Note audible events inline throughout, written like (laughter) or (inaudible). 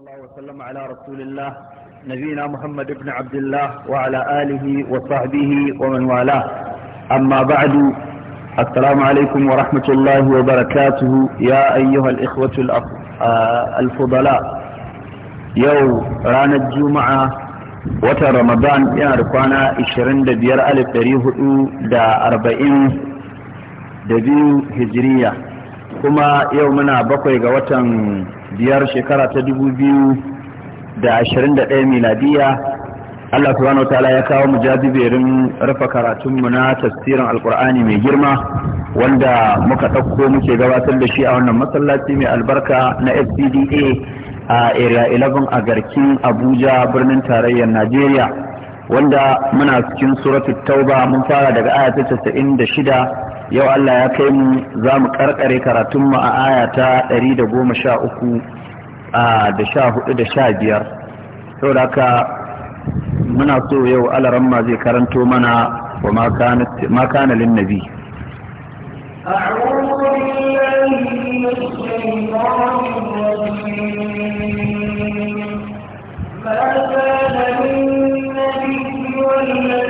الله وسلم على رسول الله نبينا محمد بن عبد الله وعلى آله وصحبه ومن والاه أما بعد السلام عليكم ورحمة الله وبركاته يا أيها الإخوة الفضلاء يو رانا الجمعة watan ramadan yana da kwana 25,440 da biyu hijiriya kuma yau muna bakwai ga watan biyar shekara ta dubu biyu da ashirin da ɗaya miladiya Allah subhanahu ya kawo mu jajiberin rufe karatunmu na tafsirin alkur'ani mai girma wanda muka ɗauko muke gabatar da shi a wannan masallaci mai albarka na fcda a area 11 a garkin abuja birnin tarayyar najeriya wanda muna cikin suratul tauba mun fara daga aya ta 96 yau Allah ya kai mu za mu karkare karatunmu a aya ta 113 a da 14 da 15 saboda haka muna so yau alaramma zai karanto mana wa ma kana lin nabi أعوذ بالله من الشيطان الرجيم ما كان للنبي والذين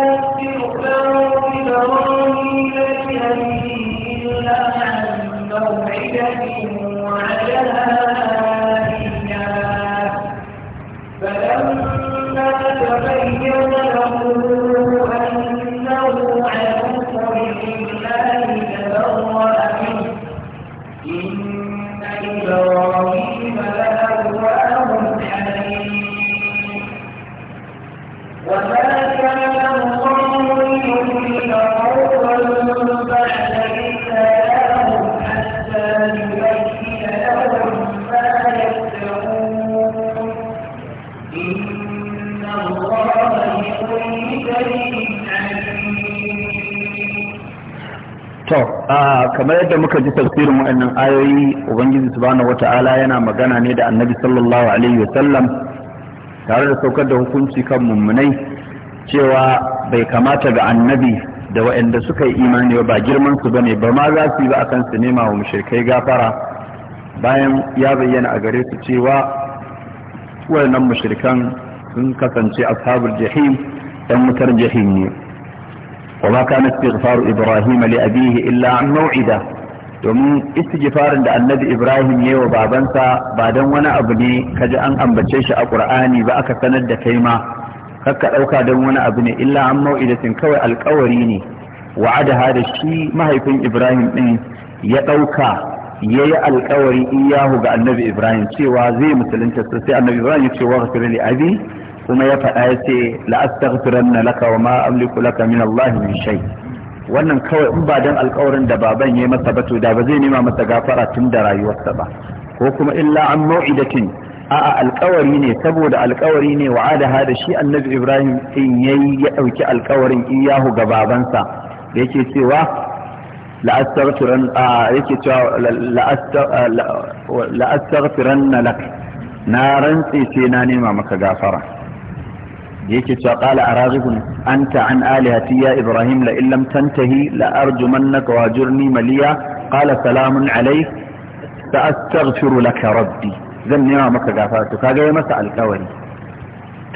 kamar yadda muka ji tafsirin waɗannan ayoyi ubangiji subhanahu wata'ala yana magana ne da annabi sallallahu alaihi wa sallam tare da saukar da hukunci kan mummunai cewa bai kamata ga annabi da waɗanda suka yi imani ba girman su bane ba ma za su yi ba akan su nema wa mushrikai gafara bayan ya bayyana a gare su cewa wannan mushrikan sun kasance ashabul jahim dan mutar jahim ne وما كان استغفار إبراهيم لأبيه إلا عن موعدة domin istighfarin da annabi ibrahim ya wa babansa ba don wani abu ne kaji an ambace shi a qur'ani ba aka sanar da kai ma kakka ɗauka don wani abu ne illa an mau'idatin kawai alkawari ne wa'ada da shi mahaifin ibrahim ɗin ya ɗauka ya yi alkawari iyahu ga annabi ibrahim cewa zai musulunta sosai annabi ibrahim ya ce wa abi kuma ya faɗa ya ce la'astaghfiranna laka wa ma amliku laka min Allah min shay wannan kawai in ba dan alƙawarin da baban yayi masa ba to da ba zai nema masa gafara tun da rayuwarsa ba ko kuma illa an mau'idatin a'a alƙawari ne saboda alƙawari ne wa'ada da shi annabi Ibrahim in yayi ya dauki alƙawarin iyahu ga babansa da yake cewa la'astaghfiran yake cewa la'astaghfiranna lak na rantsi sai na nema maka gafara da yake cewa qala arazibun anta an alihati ya ibrahim la illam tantahi la arjumannaka wajurni maliya qala salamun alayk sa'astaghfiru laka rabbi zan nema maka gafara to kaga yayi masa alƙawari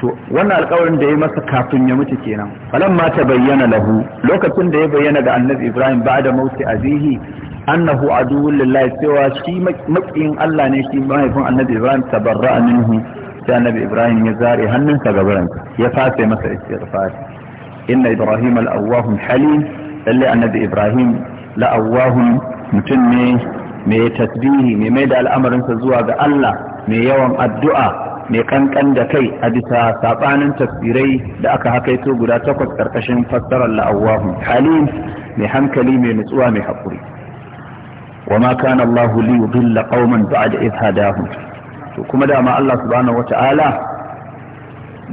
to wannan alƙawarin da yayi masa kafin ya mutu kenan ta bayyana lahu lokacin da ya bayyana ga annabi ibrahim ba'da mauti azihi annahu aduwwul lillahi cewa shi makiyin Allah ne shi mahaifin annabi ibrahim tabarra'a minhu sai annabi ibrahim ya zare hannunsa ga biransa ya masa istighfar inna ibrahim al-awwahum halim lalle annabi ibrahim la'awwahun mutum ne mai tasbihi mai mai da al'amarinsa zuwa ga Allah mai yawan addu'a mai kankan da kai a bisa saɓanin tafsirai da aka hakaito guda takwas ƙarƙashin fassarar la'awwahun halim mai hankali mai nutsuwa mai haƙuri wa ma kana Allah li yudilla da ba'da to kuma dama Allah subhanahu wata'ala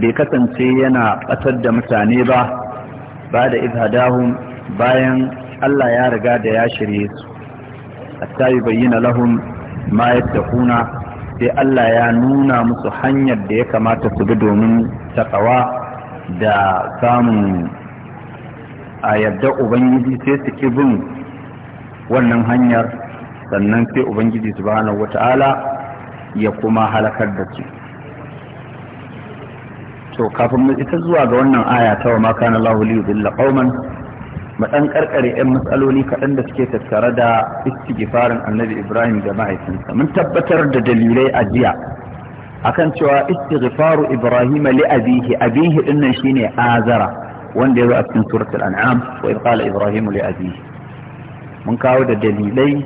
bai kasance yana batar da mutane ba ba da izhadahum bayan Allah ya riga da ya shirye su hatta bayyana lahum ma yattaquna sai Allah ya nuna musu hanyar da ya kamata su bi domin taqwa da samun a yadda ubangiji sai su ki bin wannan hanyar sannan sai ubangiji subhanahu wata'ala ya kuma halakar da su to kafin mu ita zuwa ga wannan aya ta wa ma kana Allahu li yudilla qauman mu dan karkare ɗan matsaloli kaɗan da suke tattare da istighfarin Annabi Ibrahim da mahaifinsa mun tabbatar da dalilai a jiya akan cewa istighfaru Ibrahim li abihi abihi dinnan shine azara wanda ya zo a cikin suratul an'am wa qala ibrahim li abihi mun kawo da dalilai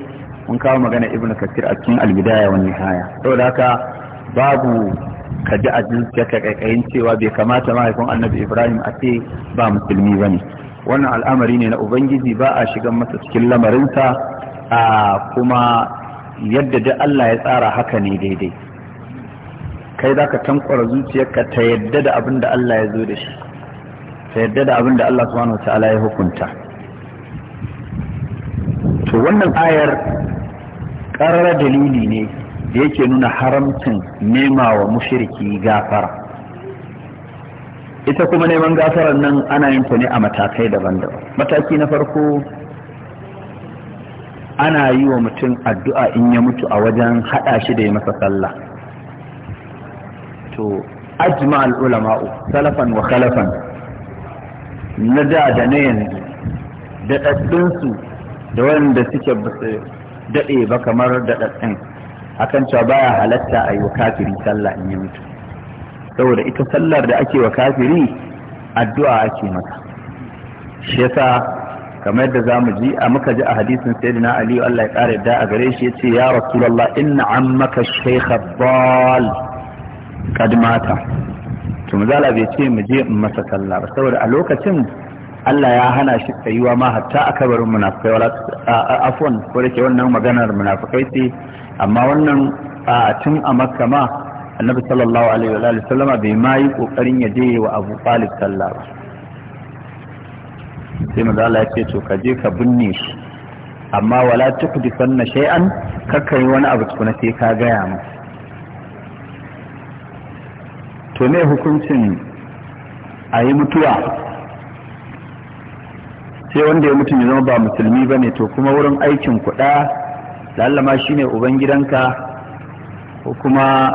mun kawo magana ibnu kasir a cikin albidaya wa nihaya saboda haka babu kaji a zuciya ka kaikayin cewa bai kamata mahaifin annabi ibrahim a ce ba musulmi ba ne wannan al'amari ne na ubangiji ba a shigan masa cikin lamarinsa a kuma yadda da allah ya tsara haka ne daidai kai za ka tankwara zuciyarka ta yadda da abin da allah ya zo da shi ta yadda da abin da allah subhanahu wa ta'ala ya hukunta to wannan ayar ƙarar dalili ne da yake nuna haramcin nema wa mushiriki gafara ita kuma neman gafarar nan ana yin ta ne a matakai daban-daban mataki na farko ana yi wa mutum addu'a in ya mutu a wajen haɗa shi da ya masa sallah to ajma al'ulama'u salafan wa khalafan na da da na yanzu da ɗaɗɗinsu da wanda suke daɗe ba kamar daɗaɗɗin akan cewa baya halatta a yi wa kafiri sallah in yi mutu saboda ita sallar da ake wa kafiri addu'a ake masa shi yasa kamar yadda zamu ji a muka ji a hadisin sayyidina ali Allah ya kare da a gare shi yace ya rasulullah inna ammaka shaykh dal kad mata to mazala bai ce mu je masa sallah ba saboda a lokacin Allah ya hana shi tsayuwa ma hatta a kabarin munafikai wala afwan ko da ke wannan maganar munafikai ce amma wannan tun a makka ma annabi sallallahu alaihi wa sallama bai ma yi kokarin ya je wa abu talib sallah ba sai manzo Allah ya ce to ka je ka binne shi amma wala tuqdifanna shay'an kakkai wani abu tukuna sai ka gaya mu to me hukuncin a yi mutuwa sai wanda ya mutu ya zama ba musulmi ba ne to kuma wurin aikin kuɗa lallama shi ne ubangidanka ko kuma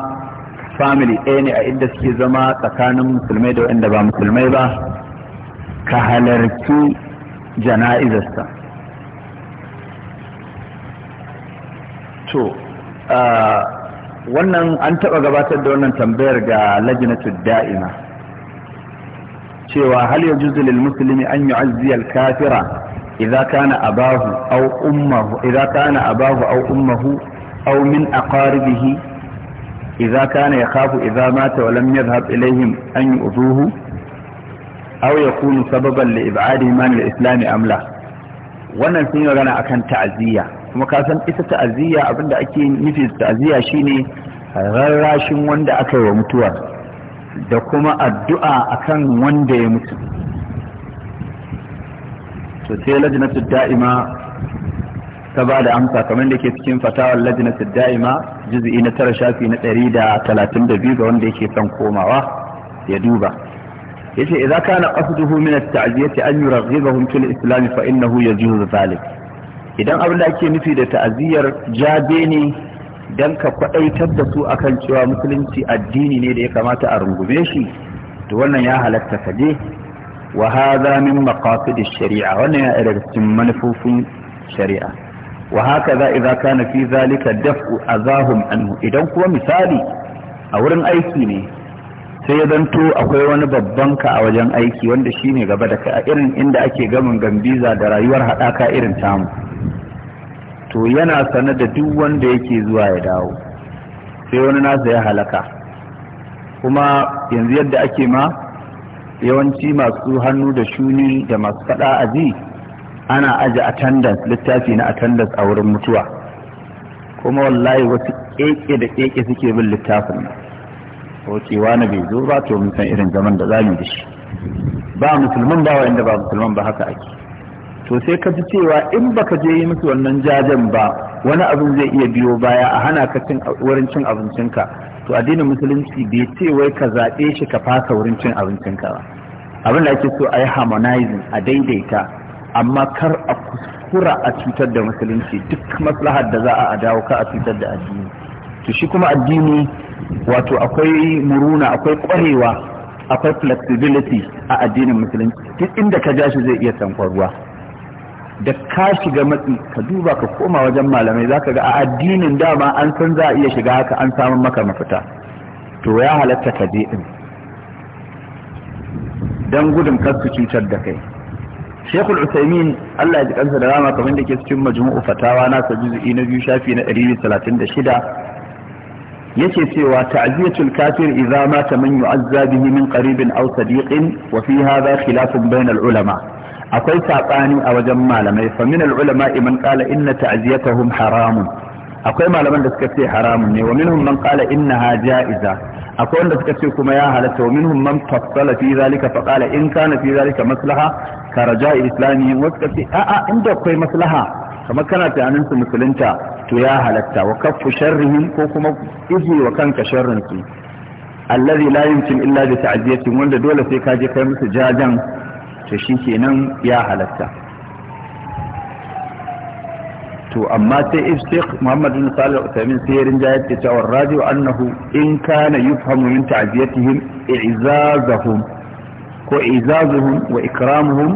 family ɗaya ne a inda suke zama tsakanin musulmai da wanda ba musulmai ba ka halarci jana'izarsa to wannan an taɓa gabatar da wannan tambayar ga lajinatu da'ima cewa hal yajuzu lil musulmi an yu'azzi al kafira idza kana abahu aw ummuhu idza kana abahu aw ummuhu aw min aqaribihi idza kana yakhafu idza mata wa lam yadhhab ilayhim an yu'dhuhu aw yakunu sababan li ib'adihi man al islam am la wannan sun yi magana akan ta'aziyya kuma ka san ita ta'aziyya abinda ake nufi ta'aziyya shine rarrashin wanda aka yi wa mutuwa da kuma addu'a akan wanda ya mutu to sai lajnatu da'ima ta ba da amsa kamar da ke cikin fatawar lajnatu da'ima juz'i na tara shafi na ɗari da talatin da biyu ga wanda yake son komawa ya duba yace idza kana qasduhu min at-ta'ziyati an yuraghibahum fil islam fa innahu yajuzu zalik idan abin da ake nufi da ta'aziyyar jabe ne don ka kwaɗaitar da su akan cewa musulunci addini ne da ya kamata a rungume shi to wannan ya halatta ka je wa hadha min maqasid shari'a wannan ya daga cikin manufofin shari'a wa hakaza idza kana fi zalika daf'u azahum anhu idan kuma misali a wurin aiki ne sai ya zanto akwai wani babban ka a wajen aiki wanda shine gaba da kai a irin inda ake gamin gambiza da rayuwar haɗaka irin tamu to yana sanar da duk wanda yake zuwa ya dawo sai wani nasa ya halaka kuma yanzu yadda ake ma yawanci masu hannu da shuni da masu fada a ana aje attendance littafi na attendance a wurin mutuwa kuma wallahi wasu keke da keke suke bin littafin nan na bai zo ba to mun san irin zaman da mu da shi ba musulman ba inda ba musulman ba haka ake to sai ka ji cewa in baka je yi musu wannan jajen ba wani abin zai iya biyo baya a hana ka cin wurin cin abincinka to addinin musulunci bai ce wai ka zaɓe shi ka fasa wurin cin abincinka ba abin da ake so a yi harmonizing a daidaita amma kar a kuskura a cutar da musulunci duk maslahar da za a dawo ka a cutar da addini to shi kuma addini wato akwai muruna akwai kwarewa akwai flexibility a addinin musulunci duk inda ka ja shi zai iya tankwaruwa da ka shiga matsi ka duba ka koma wajen malamai zaka ga a addinin dama an san za a iya shiga haka an samun maka mafita to ya halatta ka je din Don gudun kar su cutar da kai Sheikhul Usaimin Allah ya ji kansa da rama kamar da ke cikin majmu'u fatawa na sa juz'i na biyu shafi na 136 yake cewa ta'ziyatul kafir idza mata man yu'azza bihi min qaribin aw sadiqin wa fi hadha khilafun bainal ulama akwai saɓani a wajen malamai fa min al-ulama man qala inna ta'ziyatahum haramun akwai malaman da suka ce haramun ne wa minhum man qala innaha ja'iza akwai wanda suka ce kuma ya halatta wa minhum man fassala fi zalika fa qala in kana fi zalika maslaha ka raja'i islami wa suka ce a'a inda akwai maslaha kamar kana tunanin su musulunta to ya halatta wa kaffu sharrihim ko kuma iji wa kanka sharrin su allazi la yumkin illa bi ta'ziyatin wanda dole sai ka je kai musu jajan to shi kenan ya halatta to amma sai iftiq muhammad bin salih al-utaymin sai ya da yake cewa radiyo annahu in kana yufhamu min ta'ziyatihim i'zazahum ko i'zazuhum wa ikramuhum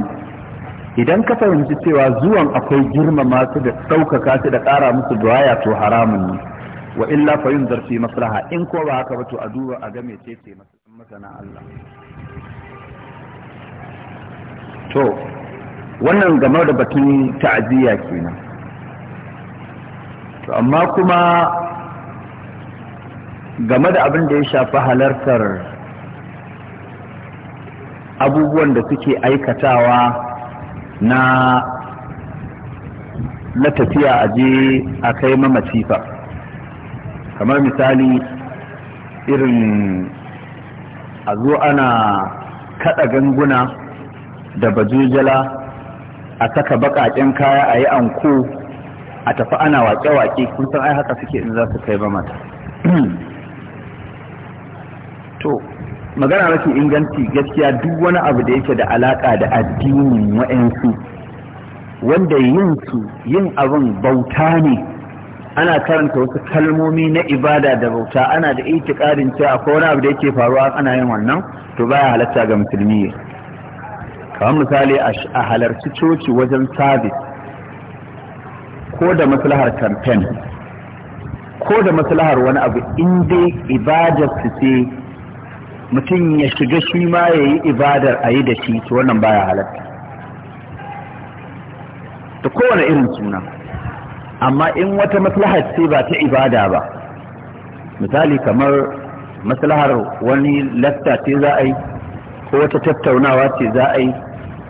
idan ka fahimci cewa zuwan akwai girmama su da ɗaukaka su da kara musu duwaya to haramun ne wa illa fa yunzar fi maslaha in ko ba haka ba to a duba a ga mece ce masana Allah to wannan game da batun ta'aziyya kenan to amma kuma game da abin da ya shafi halartar abubuwan da suke aikatawa na na tafiya a je a kai mamacifa kamar misali irin a zo ana kada ganguna da bajujala a saka bakaƙen kaya a yi anko a tafi ana wake-wake kun san ai haka suke in za su kai ba mata (clears throat) to magana mafi inganci gaskiya duk wani abu da yake da alaka da addinin wa'ansu wanda yin su yin abin bauta ne ana karanta wasu kalmomi na ibada da bauta ana da itikarin cewa akwai wani abu da yake faruwa ana yin wannan to baya halatta ga musulmi kamar misali a halarci coci wajen sabis ko da maslahar kamfen ko da maslahar wani abu inda ibadar su ce mutum ya shiga shi ma ya yi ibadar a yi da shi to wannan baya halatta da kowane irin suna amma in wata maslahar ce ba ta ibada ba misali kamar maslahar wani lasta ce za a yi ko wata tattaunawa ce za a yi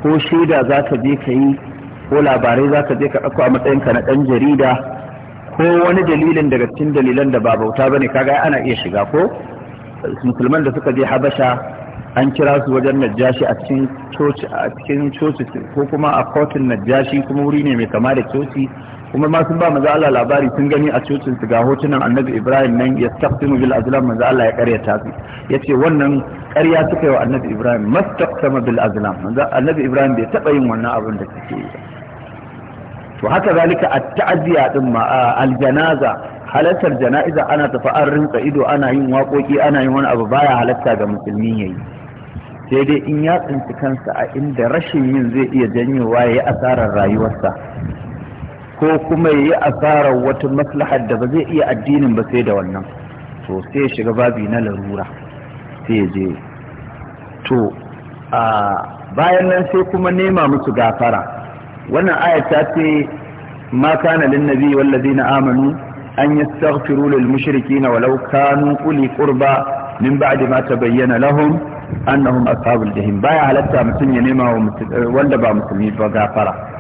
ko shaida za ka je ka yi ko labarai za ka je ka ɗauko a matsayinka na ɗan jarida ko wani dalilin daga cikin dalilan da ba bauta ba ne kaga ana iya shiga ko musulman da suka je habasha an kira su wajen najashi a cikin coci a cikin coci ko kuma a kotun najashi kuma wuri ne mai kama da coci kuma ma sun ba manzo Allah labari sun gani a cocin su ga hotunan annabi Ibrahim nan ya taftinu bil azlam manzo Allah ya karyata su yace wannan karya suka yi wa annabi Ibrahim mastaqsama bil azlam manzo annabi Ibrahim bai taba yin wannan abin da suke yi to haka zalika at ta'ziya din ma al janaza halartar jana'iza ana tafi an rinka ido ana yin waƙoƙi ana yin wani abu baya halarta ga musulmi yayi sai dai in ya tsinci kansa a inda rashin yin zai iya janyowa ya yi asarar rayuwarsa ko kuma ya yi asarar wata maslahar da ba zai iya addinin ba sai da wannan to sai ya shiga babi na larura sai ya je to a bayan nan sai kuma nema musu gafara wannan aya ta ce ma kana lin nabi na amanu an yastaghfiru lil na walau kanu uli qurba min ba'di ma tabayyana lahum annahum ashabul jahim baya halatta mutum ya nema wa wanda ba musulmi ba gafara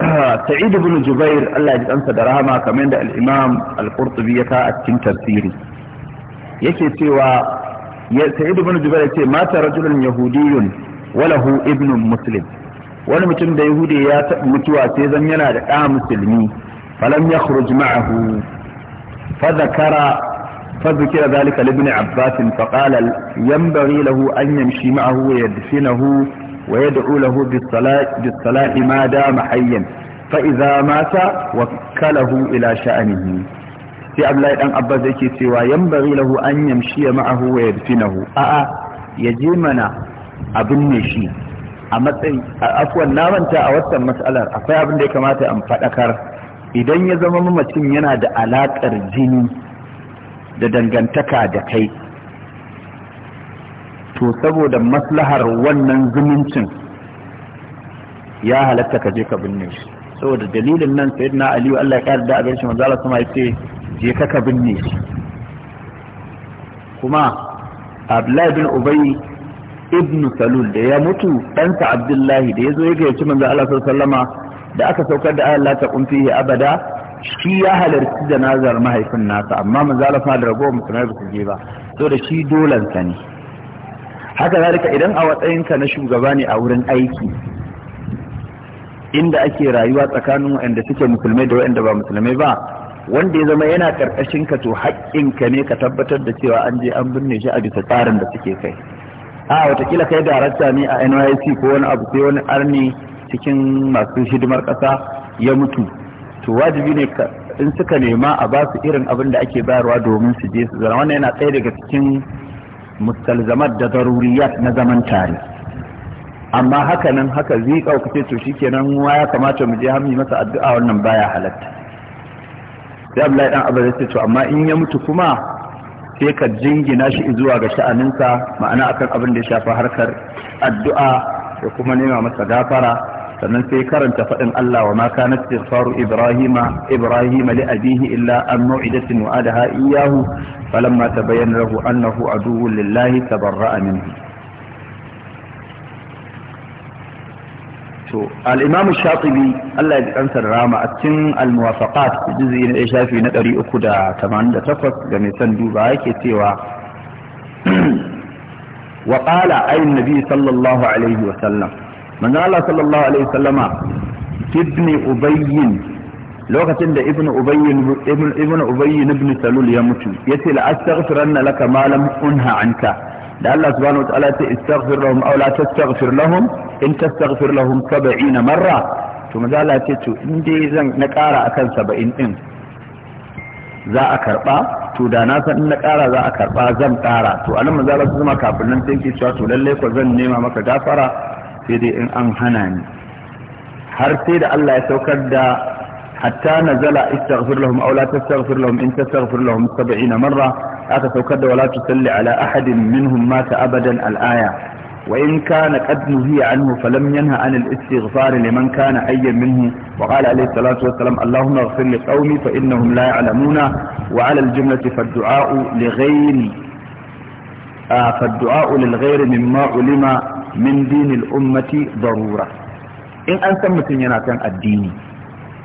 (clears throat) sa'id ibn jubair Allah ya kansa da rahama kamar da al-imam al-qurtubi ya ka a cikin tafsiri yake cewa sa'id ibn jubair mata rajulun yahudiyyun walahu ibnun muslim wani mutum da ya yahudi ya taɓa mutuwa sai zan yana da ɗa musulmi falam ya khuruj ma'ahu fa zakara fa zikira zalika li ibn abbas fa qala yanbaghi lahu an yamshi ma'ahu wa yadfinahu ويدعو له بالصلاة, بالصلاة ما دام حيا فإذا مات وكله إلى شأنه sai Abdullahi dan Abbas yake cewa yanbaghi lahu an yamshi ma'ahu wa yadfinahu a'a yaje mana abin ne shi a matsayin afwan na manta a wannan mas'alar akwai abin da ya kamata in fadakar idan ya zama mamacin yana da alaƙar jini da dangantaka da kai to saboda maslahar wannan zumuncin ya halatta ka je ka binne shi saboda dalilin nan sayyidina aliyu Allah ya kada da abin manzo Allah sama yace je ka ka binne shi kuma Abdullahi bin Ubay ibn Salul da ya mutu ɗansa Abdullahi da ya zo ya gayyaci manzo Allah sallama da aka saukar da Allah ta kunfi abada shi ya halarci da nazar mahaifin nasa amma manzo Allah da ragowar musulmai ba su je ba saboda shi dolansa ne haka zalika idan a watsayinka na shugaba ne a wurin aiki inda ake rayuwa tsakanin waɗanda suke musulmai da waɗanda ba musulmai ba wanda ya zama yana karkashin ka to haƙƙinka ne ka tabbatar da cewa an je an binne shi a bisa tsarin da suke kai a watakila kai darakta ne a NYC ko wani abu sai wani arni cikin masu hidimar ƙasa ya mutu to wajibi ne in suka nema a ba su irin abin da ake bayarwa domin su je su zana wannan yana ɗaya daga cikin mustalzamat da daruriyat na zaman tare amma hakanan haka zai kaukace to shikenan wa ya kamata mu je hami masa addu'a wannan baya halatta sai Allah dan Abbas ya to amma in ya mutu kuma sai ka jingina shi zuwa ga sha'aninsa ma'ana akan abin da ya shafi harkar addu'a da kuma nema masa gafara sannan sai karanta faɗin Allah wa ma kana istighfaru ibrahima ibrahima li abihi illa an mu'idatin wa adaha iyyahu falamma tabayyana lahu annahu aduwwu lillahi tabarra'a minhu to al-imam shatibi Allah ya kansa rama a cikin al-muwafaqat juz'i na shafi na 388 ga mai san duba yake cewa (clears throat) wa qala ayyun nabi sallallahu alaihi wa sallam manzo Allah sallallahu alaihi wasallama ibn ubayyin lokacin da ibn ubayyin ibn ubayyin ibn salul ya mutu yace la astaghfiranna laka ma lam unha anka da Allah subhanahu wataala ya ce istaghfir lahum aw la tastaghfir lahum in tastaghfir lahum 70 marra to manzo Allah ya ce to in dai zan na kara akan 70 din za a karba to da na san in na kara za a karba zan kara to anan manzo su zama kafin nan sai ke cewa to lalle ko zan nema maka gafara sai dai in an hana ni har sai da Allah ya saukar da hatta nazala istaghfir lahum aw la tastaghfir lahum in tastaghfir lahum 70 marra aka saukar da wala tusalli ala ahadin minhum mata abadan al-aya wa in kana qad nuhiya anhu falam yanha an al-istighfar liman kana ayyan minhu wa qala alayhi salatu wa salam allahumma ighfir li qaumi fa innahum la ya'lamuna wa ala al-jumlati fa ad-du'a li ghayri fa ad-du'a lil ghayri mimma ulima min dinil ummati darura in an san mutum yana kan addini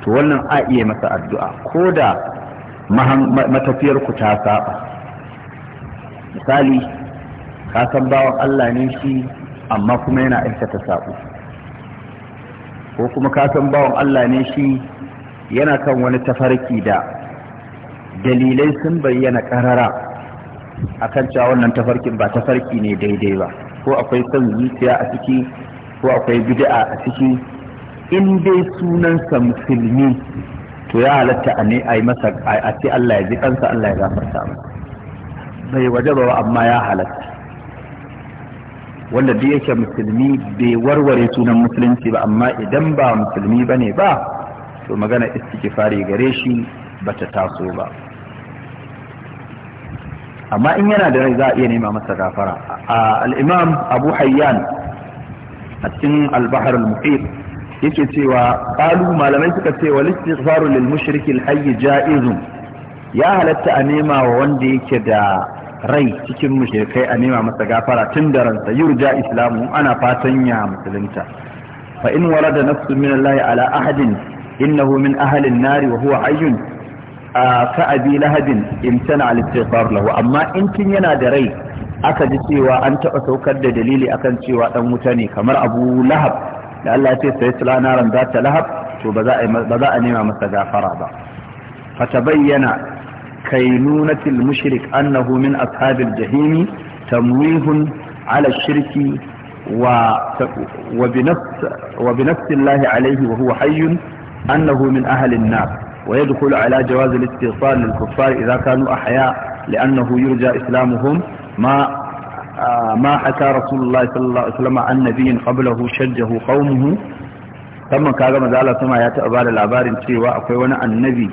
to wannan a iya masa addu'a ko da matafiyar ku ta saba misali ka san bawan Allah ne shi amma kuma yana aikata sabo ko kuma ka san bawan Allah ne shi yana kan wani tafarki da dalilai sun bayyana karara akan cewa wannan tafarkin ba tafarki ne daidai ba ko akwai son zuciya a ciki ko akwai bid'a a ciki in dai sunansa musulmi to ya halatta a ne a yi masa a ce Allah ya ji kansa Allah ya gafarta masa bai waje ba amma ya halatta wanda duk yake musulmi bai warware sunan musulunci ba amma idan ba musulmi bane ba to magana istighfari gare shi bata taso ba amma in yana da rai za a iya nema masa gafara a alimam abu hayyan a cikin albahar bahr yake cewa qalu malamai suka ce wal istighfaru lil mushrik al hayy jaizun ya halatta a nema wa wanda yake da rai cikin mushrikai a nema masa gafara tun da ransa yurja islamu ana fatan ya musulunta fa in warada nafsu min Allah ala ahadin innahu min ahli an-nar wa huwa hayyun ka abi lahadin imtana al-istighfar lahu amma in kin yana da rai aka ji cewa an taba saukar da dalili akan cewa dan wuta ne kamar abu lahab da Allah ya ce sai sula ran da ta lahab to ba za a ba za a nema masa gafara ba fa tabayyana kainunatil mushrik annahu min ashabil jahimi tamwihun ala shirki wa wa bi wa bi Allah alayhi wa huwa hayyun annahu min ahli an-nar ويدخل على جواز الاستغفار للكفار إذا كانوا أحياء لأنه يرجى إسلامهم ما ما حكى رسول الله صلى الله عليه وسلم عن نبي قبله شجه قومه ثم كاغا مزالة ثم ياتي أبال العبار سوى أقوى النبي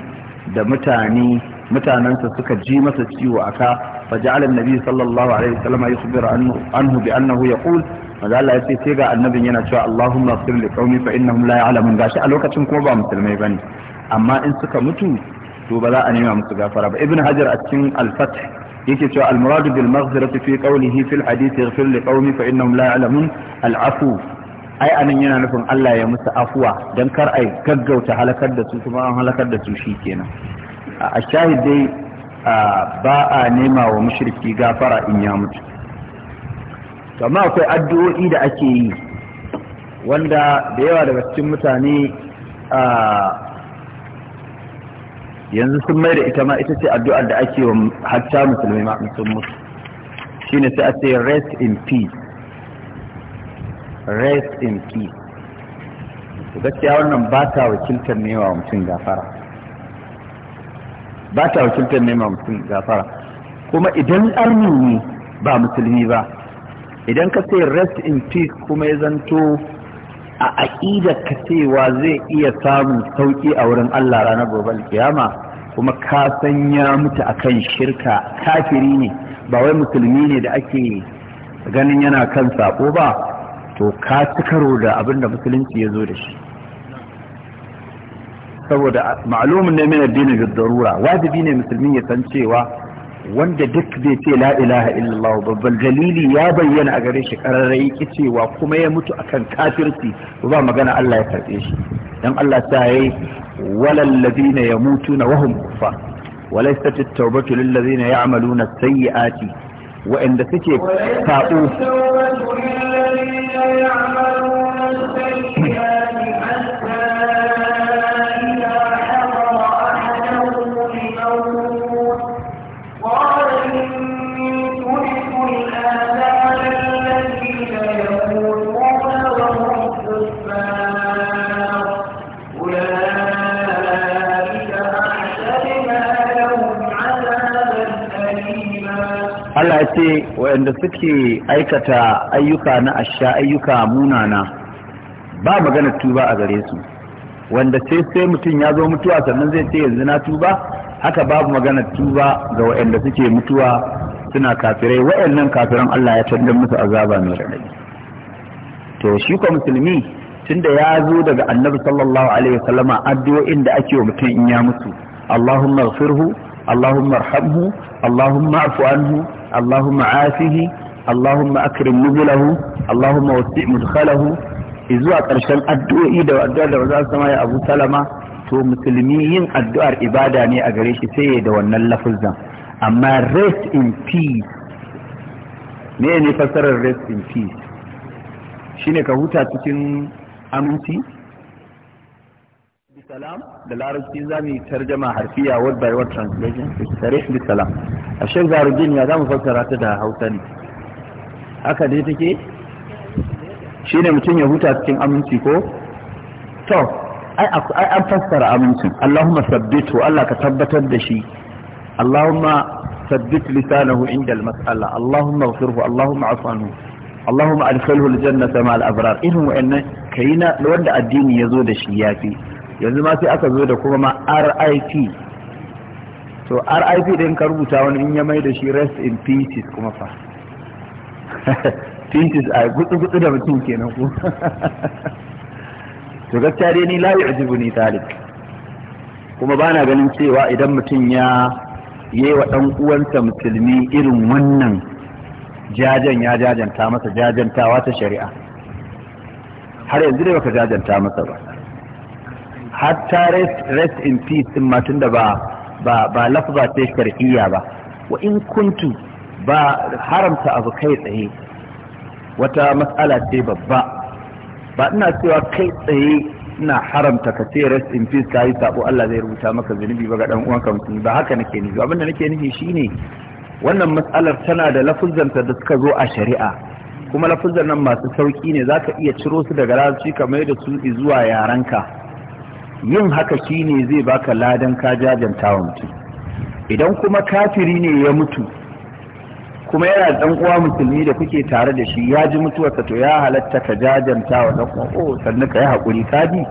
da mutane mutanansa suka ji masa ciwo aka faja'ala annabi sallallahu alaihi wasallam yukhbiru anhu bi annahu yaqul maza Allah yace sai ga annabin yana cewa Allahumma ighfir li qaumi fa innahum la ba shi a lokacin kuma ba musulmai bane amma in suka mutu to ba za a nema musu gafara ba ibn hajar a cikin alfat yake cewa almuradu muradu bil maghfirati fi qawlihi fil hadith yaghfir li qaumi fa innahum la ya'lamun al-afu ai anan yana nufin Allah ya musu afuwa dan kar ai gaggauta halakar da su kuma an halakar da su shikenan a shahid dai ba a nema wa mushriki gafara in ya mutu to amma akwai addu'o'i da ake yi wanda da yawa daga cikin mutane a yanzu sun mai da ita ma ita ce addu'ar da ake wa hatta musulmi ma sun mutu shi ne sai a ce rest in peace rest in peace gaskiya wannan ba ta wakiltar nema mutum gafara ba ta wakiltar nema mutum gafara kuma idan armini ba musulmi ba idan ka ce rest in peace kuma ya zanto a aƙidar ka cewa zai iya samun sauƙi a wurin Allah ranar gobe kiyama kuma ka san ya mutu akan shirka kafiri ne ba wai musulmi ne da ake ganin yana kan sako ba to ka ci karo da abin da musulunci ya zo da shi saboda ma'alumin ne min addini da darura wajibi ne musulmi ya san cewa wanda duk zai ce la ilaha illallah babban dalili ya bayyana a gare shi kararrai ki cewa kuma ya mutu akan kafirci ba magana Allah ya karbe shi dan Allah ta yi walallazina ya mutu na wahun kufa walaisat tawbatu lillazina ya'maluna sayyi'ati wa inda suke fa'u walallazina ce waɗanda suke aikata ayyuka na asha ayyuka munana ba magana tuba a gare su wanda sai sai mutum ya zo mutuwa sannan zai ce yanzu na tuba haka babu magana tuba ga waɗanda suke mutuwa suna kafirai waɗannan kafiran Allah ya tandan musu azaba mai raɗaɗi to shi ko musulmi tunda ya zo daga annabi sallallahu alaihi wasallama addu'o'in da ake wa mutum in ya mutu Allahumma ghfirhu Allahumma arhamhu Allahumma afu anhu Allahumma afihi Allahumma akrim nuzulahu Allahumma wasi mudkhalahu zuwa ƙarshen addu'o'i da addu'ar da za su ya Abu Salama to musulmi yin addu'ar ibada ne a gare shi sai da wannan lafuzan amma rest in peace me ne fassarar rest in peace shine ka huta cikin aminci salam da larabci za mu yi tarjama harfiya word by word translation sarih bi salam a shek zarudin ya za mu fassara ta da hausa ne haka dai take shi ne mutum ya huta cikin aminci ko to ai an fassara amincin allahumma sabbitu allah ka tabbatar da shi allahumma sabbit lisanahu inda al-mas'ala allahumma ighfirhu allahumma afu anhu Allahumma adkhilhu aljannata ma al-abrar irin wa'annan na wanda addini zo da shi ya fi. yanzu ma sai aka zo da kuma ma RIP to RIP din ka rubuta wani in ya mai da shi rest in pieces kuma fa (laughs) pieces a gutsu gutsu da mutum kenan ko (laughs) to gaskiya dai ni la yu'jibu ni talib kuma bana ganin cewa idan mutum ya yi wa dan uwansa musulmi irin wannan jajan ya jajanta masa jajantawa ta shari'a har yanzu dai baka jajanta masa ba hatta rest rest in peace din ma tunda ba ba ba lafza ce shar'iyya ba wa in kuntu ba haramta abu kai tsaye wata matsala ce babba ba ina cewa kai tsaye ina haramta ka ce rest in peace yi sabo Allah zai rubuta maka zunubi ba ga dan uwanka mutum ba haka nake nufi abin da nake nufi shine wannan matsalar tana da lafuzzanta da suka zo a shari'a kuma lafuzan nan masu sauki ne zaka iya ciro su daga ka kamar da su zuwa yarenka yin haka shine zai baka ladan ka jajanta wa mutum idan kuma kafiri ne ya mutu kuma yana dan uwa musulmi da kuke tare da shi ya ji mutuwarsa to ya halatta ka jajanta wa dan uwa oh sannan ka yi hakuri ka bi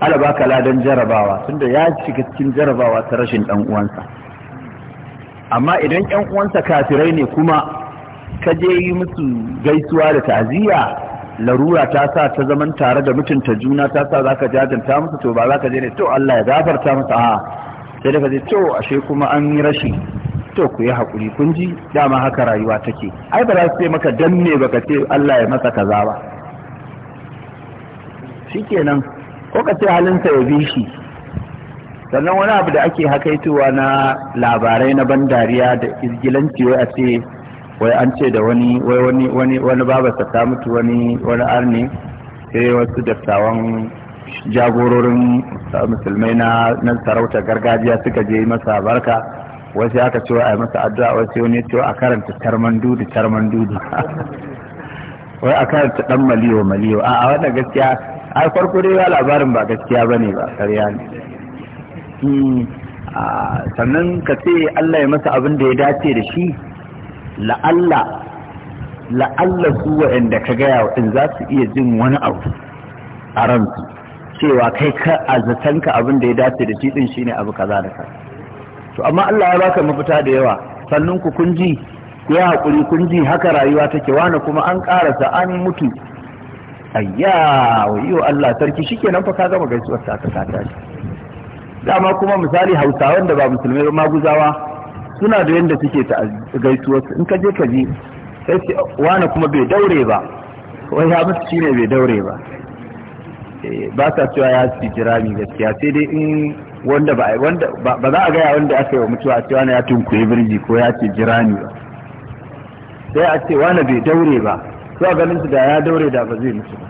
ala baka ladan jarabawa tunda ya shiga cikin jarabawa ta rashin dan uwansa amma idan yan uwansa kafirai ne kuma ka je yi musu gaisuwa da ta'aziyya larura ta sa ta zaman tare da mutunta juna ta sa za ka jajanta musu to ba za ka je ne to Allah ya gafarta musu a sai da ka je to ashe kuma an yi rashi to ku yi haƙuri kun ji dama haka rayuwa take ai ba za su ce maka dan me baka ce Allah ya masa kaza ba shikenan ko ka ce halinsa ya bi shi sannan wani abu da ake hakaitowa na labarai na ban dariya da izgilanci wai a ce wai an ce da wani wai wani wani wani babarsa ta mutu wani wani arni sai wasu dattawan jagororin musulmai na na sarauta gargajiya suka je masa barka wasu aka ce a yi masa addu'a wasu wani ce a karanta tarman dudu tarman dudu wai a karanta dan (laughs) maliyo maliyo a wannan gaskiya ai farko dai labarin ba gaskiya bane ba ƙarya ne hmm, sannan ka ce Allah ya masa abin da ya dace da shi la'alla la'alla su waɗanda ka gaya wa in za su iya jin wani abu a ransu cewa kai ka a abin da ya dace da shi din shine abu kaza da kaza to amma Allah ya baka mafita da yawa sannan ku kun ji ku ya hakuri kun ji haka rayuwa take wani kuma an karasa an mutu ayya wayo Allah sarki shikenan fa ka gama gaisuwar ta ta tashi dama kuma misali Hausawan da ba musulmai ba maguzawa suna da yadda suke ta gaisuwa in ka je ka ji sai ce wani kuma bai daure ba wai ya musu shine bai daure ba eh, ba sa cewa ya ci jirami gaskiya sai dai in wanda ba wanda ba za a gaya wanda aka yi wa mutuwa cewa na ya tunkuye birji ko ya ce jirami ba sai a ce wani bai daure ba a ganin su da ya daure da ba zai mutu ba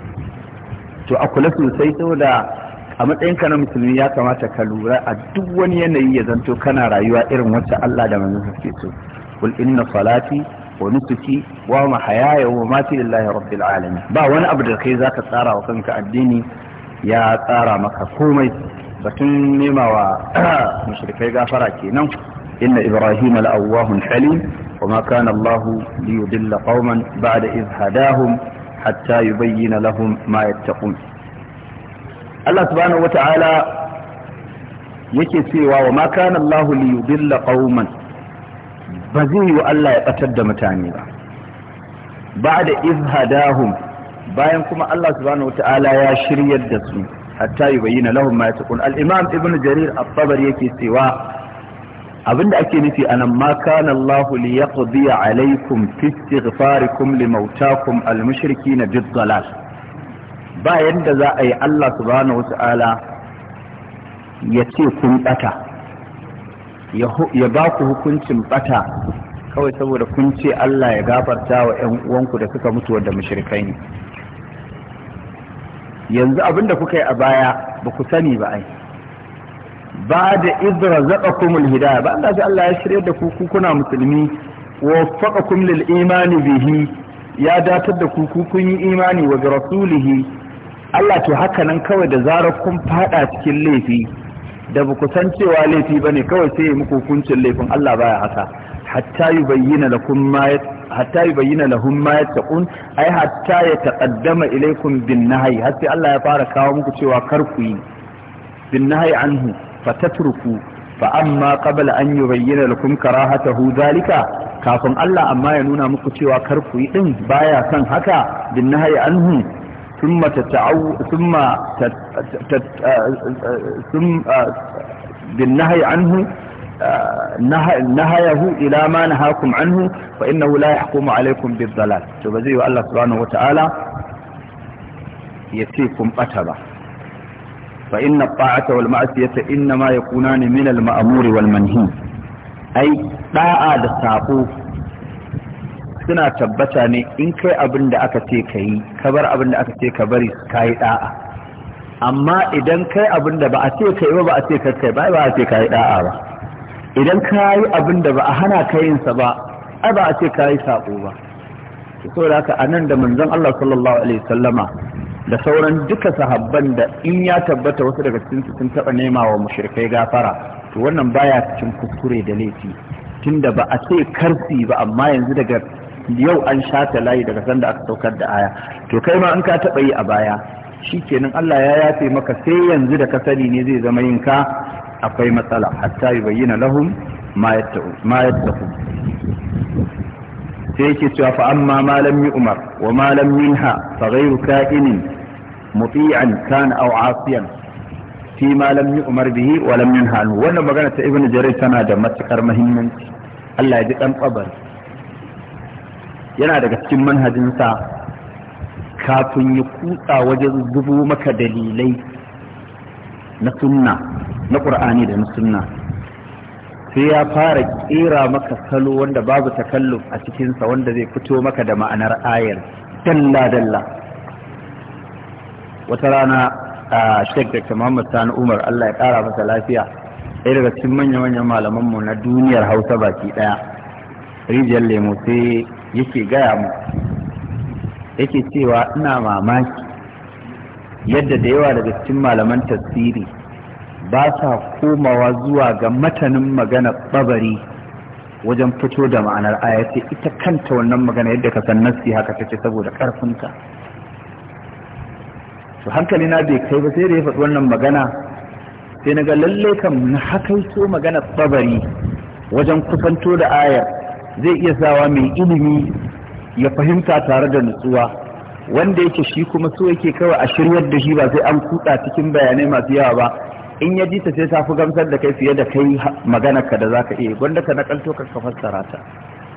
to a kula sosai saboda a matsayinka na musulmi ya kamata ka lura a duk wani yanayi ya zanto kana rayuwa irin wacce Allah da manzon suke so kul inna salati wa nusuki wa mahayaya wa mati lillahi rabbil alamin ba wani abu da kai zaka tsara wa kanka addini ya tsara maka komai batun nema wa (clears throat) mushrikai gafara kenan inna ibrahim la'awwahun halim وما kanallahu الله ليضل قوما بعد إذ هداهم hatta يبين لهم ما يتقون Allah subhanahu wata'ala yake cewa wa ma kana Allah li yudilla qauman ba zai yi Allah ya batar da mutane ba ba'da izhadahum bayan kuma Allah subhanahu wata'ala ya shiryar da su hatta yubayyana lahum ma yatqul al-imam ibn jarir at-tabari yake cewa abinda ake nufi anan ma kana Allah li yaqdi alaykum fi istighfarikum li mawtakum al-mushrikeena bid-dalal ba yadda za a yi Allah subhanahu wata'ala ya ce kun bata ya ba ku hukuncin bata kawai saboda kun ce Allah ya gafarta wa 'yan uwanku da suka mutu da mashirkai ne yanzu abinda kuka yi a baya ba ku sani ba ai ba da izra zaka kumul hidaya ba Allah Allah ya shirya da ku kuna musulmi wa faqakum lil imani bihi ya datar da ku kun yi imani wa rasulihi Allah to haka nan kawai da zarar kun fada cikin laifi da ba ku san cewa laifi ba ne kawai sai muku hukuncin laifin Allah baya haka hatta yi bayyana yi ai hatta ya taƙaddama ilaikun bin nahyi har sai Allah ya fara kawo muku cewa kar ku yi bin nahyi anhu fatatruku fa amma qabla an yubayyana lakum karahatahu zalika kafin Allah amma ya nuna muku cewa kar ku yi din baya son haka bin anhu ثم تتعو ثم تت... آه، ثم آه، بالنهي عنه آه، نهى نهيه إلى ما نهاكم عنه فإنه لا يحكم عليكم بالضلال تبذيه الله سبحانه وتعالى يتيكم أتبا فإن الطاعة والمعصية إنما يكونان من المأمور والمنهي أي طاعة الساقوف suna tabbata ne in kai abin da aka ce ka yi ka bar abin da aka ce ka bari ka yi da'a amma idan kai abin da ba a ce ka yi ba ba a ce ka kai ba ba a ce ka yi da'a ba idan ka yi abin da ba a hana ka yin sa ba ai ba a ce ka yi sako ba to da haka anan da manzon Allah sallallahu alaihi wasallama da sauran duka sahabban da in ya tabbata wasu daga cikin su sun taba nema wa mushrikai gafara to wannan baya cikin kuskure da laifi tunda ba a ce karsi ba amma yanzu daga yau an shata layi daga sanda aka saukar da aya to kai ma in ka taɓa yi a baya shikenan Allah ya yafe maka sai yanzu da ka sani ne zai zama yin akwai matsala hatta yubayyana lahum ma yattaqu sai yake cewa fa amma ma lam yi umar wa ma lam yinha fa ghayru ka'inin muti'an kana aw 'asiyan fi ma lam yi umar bihi wa lam yinha wannan magana ta ibnu jarir tana da matukar muhimmanci Allah ya ji dan kabari yana daga cikin manhajinsa kafin ya kutsa wajen zubo maka dalilai na sunna na ƙur'ani da na sunna sai ya fara ƙera maka salo wanda babu takalluf a cikinsa wanda zai fito maka da ma'anar ayar dalla-dalla wata rana a shek da muhammad sani umar allah ya ƙara masa lafiya ɗaya daga cikin manya-manyan malamanmu na duniyar hausa baki ɗaya rijiyar lemo sai yake gaya mu yake cewa ina mamaki yadda da yawa daga cikin malaman tasiri ba sa komawa zuwa ga matanin magana babari wajen fito da ma'anar ayyace ita kanta wannan magana yadda ka san nassi haka ta ce saboda karfinka to hankali na bai kai ba sai da ya faɗi wannan magana sai na ga lalle kam na hakaito magana babari wajen kusanto da ayar zai iya sawa mai ilimi ya fahimta tare da nutsuwa wanda yake shi kuma so yake kawai a shiryar da shi ba sai an kuɗa cikin bayanai masu yawa ba in ya ji ta sai ta fi gamsar da kai fiye da kai magana ka da zaka iya gwanda ka nakalto ka ka fassara ta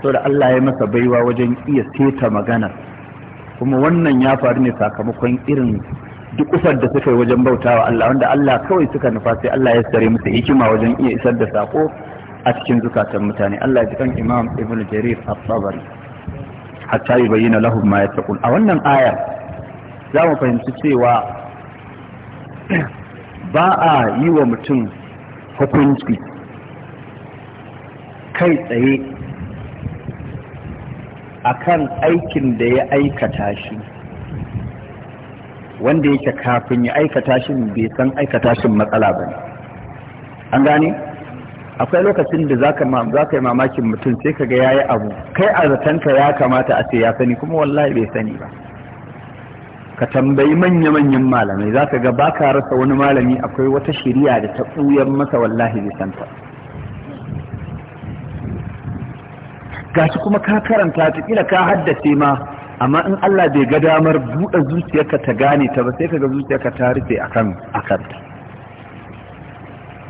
to da Allah ya masa baiwa wajen iya seta magana kuma wannan ya faru ne sakamakon irin duk da suka yi wajen bautawa Allah wanda Allah kawai suka nufa sai Allah ya sare musu hikima wajen iya isar da sako a cikin zukatan mutane Allah ya kan Imam Ibn Jarir As-Sabari hatta bayyana lahum ma a wannan ayar za mu fahimci cewa (clears throat) ba a yi wa mutum hukunci kai tsaye akan aikin da ya aikata shi wanda yake kafin ya aikata shi bai san aikata shi matsala ba an gane akwai lokacin da za ka yi mamakin mutum sai ka kaga yi abu kai a zatanka ya kamata a ce ya sani kuma wallahi bai sani ba ka tambayi manya-manyan malamai Za ka ga ba ka rasa wani malami akwai wata shiriya da ta ɓuyan masa wallahi bai santa gashi kuma ka karanta ta kila ka haddace ma amma in Allah bai ga damar buɗe zuciyarka ta gane ta ba sai ka ga zuciyarka ta rufe a akan ta.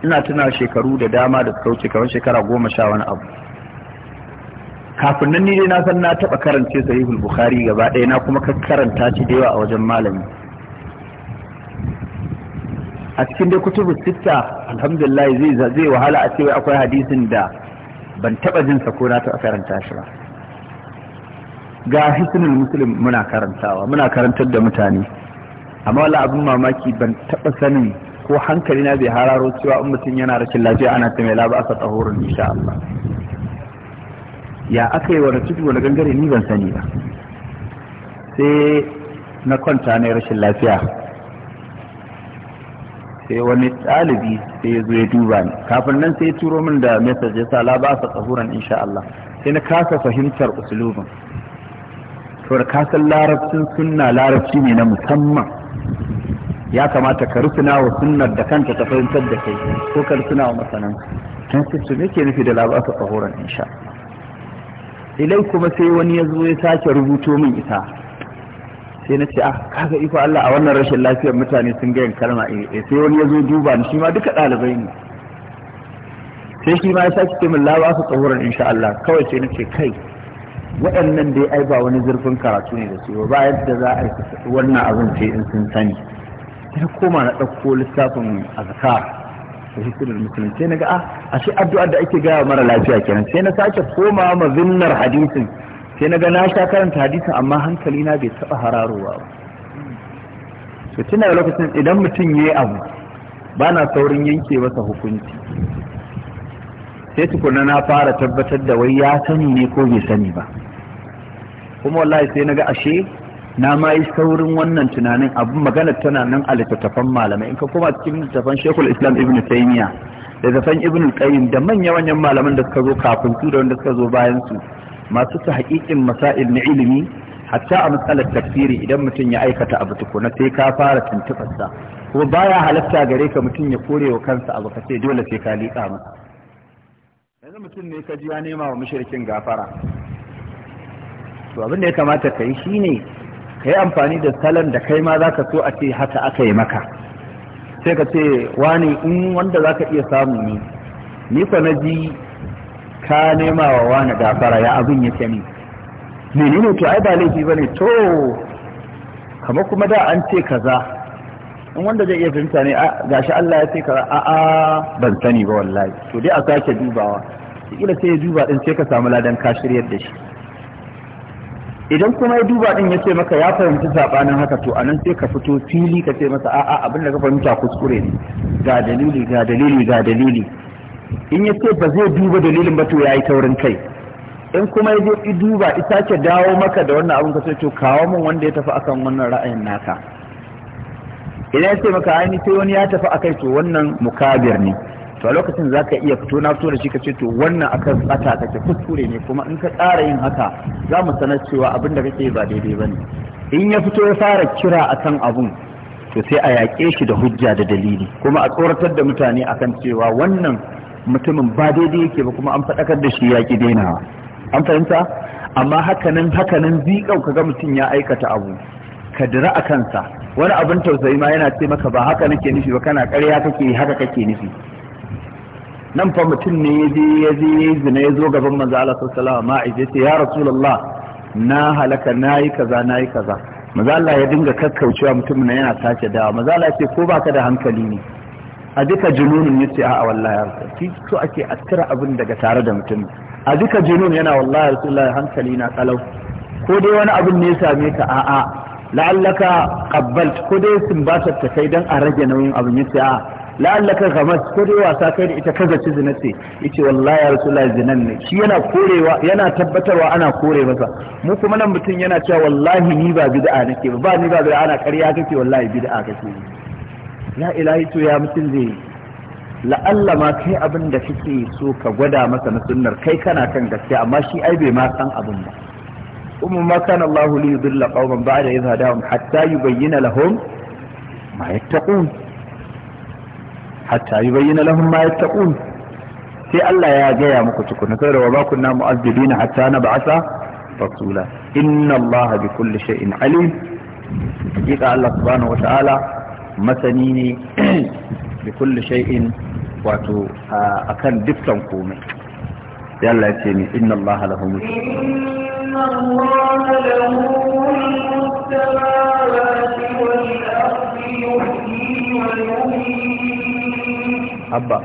ina tuna shekaru da dama da suka wuce kamar shekara goma sha wani abu kafin nan ni dai na san na taɓa karance sahihul bukhari gaba ɗaya na kuma karanta shi da yawa a wajen malami a cikin dai kutubu sitta alhamdulillah zai zai wahala a cewa akwai hadisin da ban taɓa jin sa ko na taɓa karanta shi ba ga hisnul muslim muna karantawa muna karantar da mutane amma wala abin mamaki ban taɓa sanin ko hankali na bai hararo cewa in mutum yana rashin lafiya ana ta mai laba aka tsahorin insha Allah ya aka yi wani tudu wani gangare ni ban sani ba sai na kwanta na rashin lafiya sai wani ɗalibi sai ya zo ya duba ni kafin nan sai ya turo min da message ya sa laba aka tsahorin insha Allah sai na kasa fahimtar usulubin to da kasan larabcin sunna larabci ne na musamman ya kamata ka rusuna wa sunnar da kanta ta fahimtar da kai ko ka rusuna wa masanan can su su ke nufi da labarta tsahoran insha Idan kuma sai wani ya zo ya sake rubuto min ita sai na ce ah kaga iko Allah a wannan rashin lafiyar mutane sun ga kalma eh sai wani ya zo duba ni shi ma duka ɗalibai ne sai shi ma ya sake ce min labarta tsahoran insha Allah kawai sai na ce kai waɗannan dai ai ba wani zurfin karatu ne da su ba yadda za a yi wannan abin sai in sun sani sai koma na ɗauko littafin zaka da hikimar musulun sai na ga a ah, shi addu'ar da ake gaya mara lafiya kenan sai na sake koma ma zinnar hadisin sai na ga na sha karanta hadisin amma hankali na bai taɓa hararowa ba to tuna da lokacin idan mutum ya yi abu ba na saurin yanke masa hukunci sai tukuna na fara tabbatar da wai ya sani ne ko bai sani ba kuma wallahi sai na ga ashe na ma yi saurin wannan tunanin abin magana tana nan a littattafan malamai in ka koma cikin littattafan shekul islam ibn taymiya zafan ibn qayyim da manya manyan malaman da suka zo kafin su da wanda suka zo bayan su masu su haƙiƙin masail na ilimi hatta a matsalar tafsiri idan mutum ya aikata abu tukuna sai ka fara tuntuɓarsa kuma baya halatta gare ka mutum ya kore wa kansa abu ka sai dole sai ka liƙa masa yanzu mutum ne ka ji ya nema wa mushrikin gafara to abin da ya kamata ka yi shine ka yi amfani da salon da kai ma za ka so a ce haka aka yi maka sai ka ce wani in wanda za ka iya samu ne ni fa na ji ka nema wa wani gafara ya abin yake ne menene to ai ba laifi bane to kamar kuma da an ce kaza in wanda zai iya fahimta ne gashi Allah ya ce kaza a a ban sani ba wallahi to dai a sake dubawa kila sai ya duba din sai ka samu ladan ka shiryar da shi idan kuma ya duba din ya ce maka ya fahimci sabanin haka to anan sai ka fito fili ka ce masa a'a abin da ka fahimta kuskure ne ga dalili ga dalili ga dalili in ya ce ba zai duba dalilin ba to ya yi taurin kai in kuma ya je duba ita ce dawo maka da wannan abin ka ce to kawo min wanda ya tafi akan wannan ra'ayin naka idan ya ce maka ai sai wani ya tafi akai to wannan mukabir ne to a lokacin za ka iya fito na fito da shi ka ce to wannan akan tsata ka kake kuskure ne kuma in ka tsara yin haka za mu sanar cewa abin da kake ba daidai ba ne in ya fito ya fara kira akan abun to sai a yaƙe shi da hujja da dalili kuma a tsoratar da mutane akan cewa wannan mutumin ba daidai yake ba kuma an faɗakar da shi ya ƙi dainawa an fahimta amma hakanan hakanan zikau kaga mutum ya aikata abu ka dira a kansa wani abin tausayi ma yana ce maka ba haka nake nufi ba kana ƙarya kake haka kake nufi nan fa mutum ne ya je ya je ya zina ya zo gaban manzo Allah sallallahu alaihi wasallam ya ya rasulullah na halaka nayi kaza nayi kaza manzo Allah ya dinga kakkaucewa mutum na yana sake dawa manzo Allah ya ce ko baka da hankali ne a duka jununin yace a'a wallahi ya rasul so ake askara abin daga tare da mutum a duka junun yana wallahi rasulullah hankali na kalau ko dai wani abin ne ya same ka a'a la'allaka qabbalt ko dai sun ba ta kai dan a rage nauyin abin yace a'a la'allaka khamas ko dai wasa kai da ita kaza ci zina ce yace wallahi ya rasulullah zinan ne shi yana korewa yana tabbatarwa ana kore masa mu kuma nan mutum yana cewa wallahi ni ba bid'a nake ba ba ni ba bid'a ana ƙarya kake wallahi bid'a kake ya ilahi to ya mutum zai la'alla ma kai abin da kake so ka gwada masa na sunnar kai kana kan gaskiya amma shi ai bai ma san abin ba kuma ma kana Allahu li yudilla qauman ba'da idh hadahum hatta yubayyana lahum ma yattaqun حتى يبين لهم ما يتقون في ألا يا جاي مكو تكون كير وباكنا مؤذبين حتى نبعث رسولا إن الله بكل شيء عليم حقيقة الله سبحانه وتعالى مثنيني (clears throat) بكل شيء واتو آه، أكن دفتا قومي يلا يتيني إن الله له ملك إن الله له ملك السماوات والأرض يحيي habba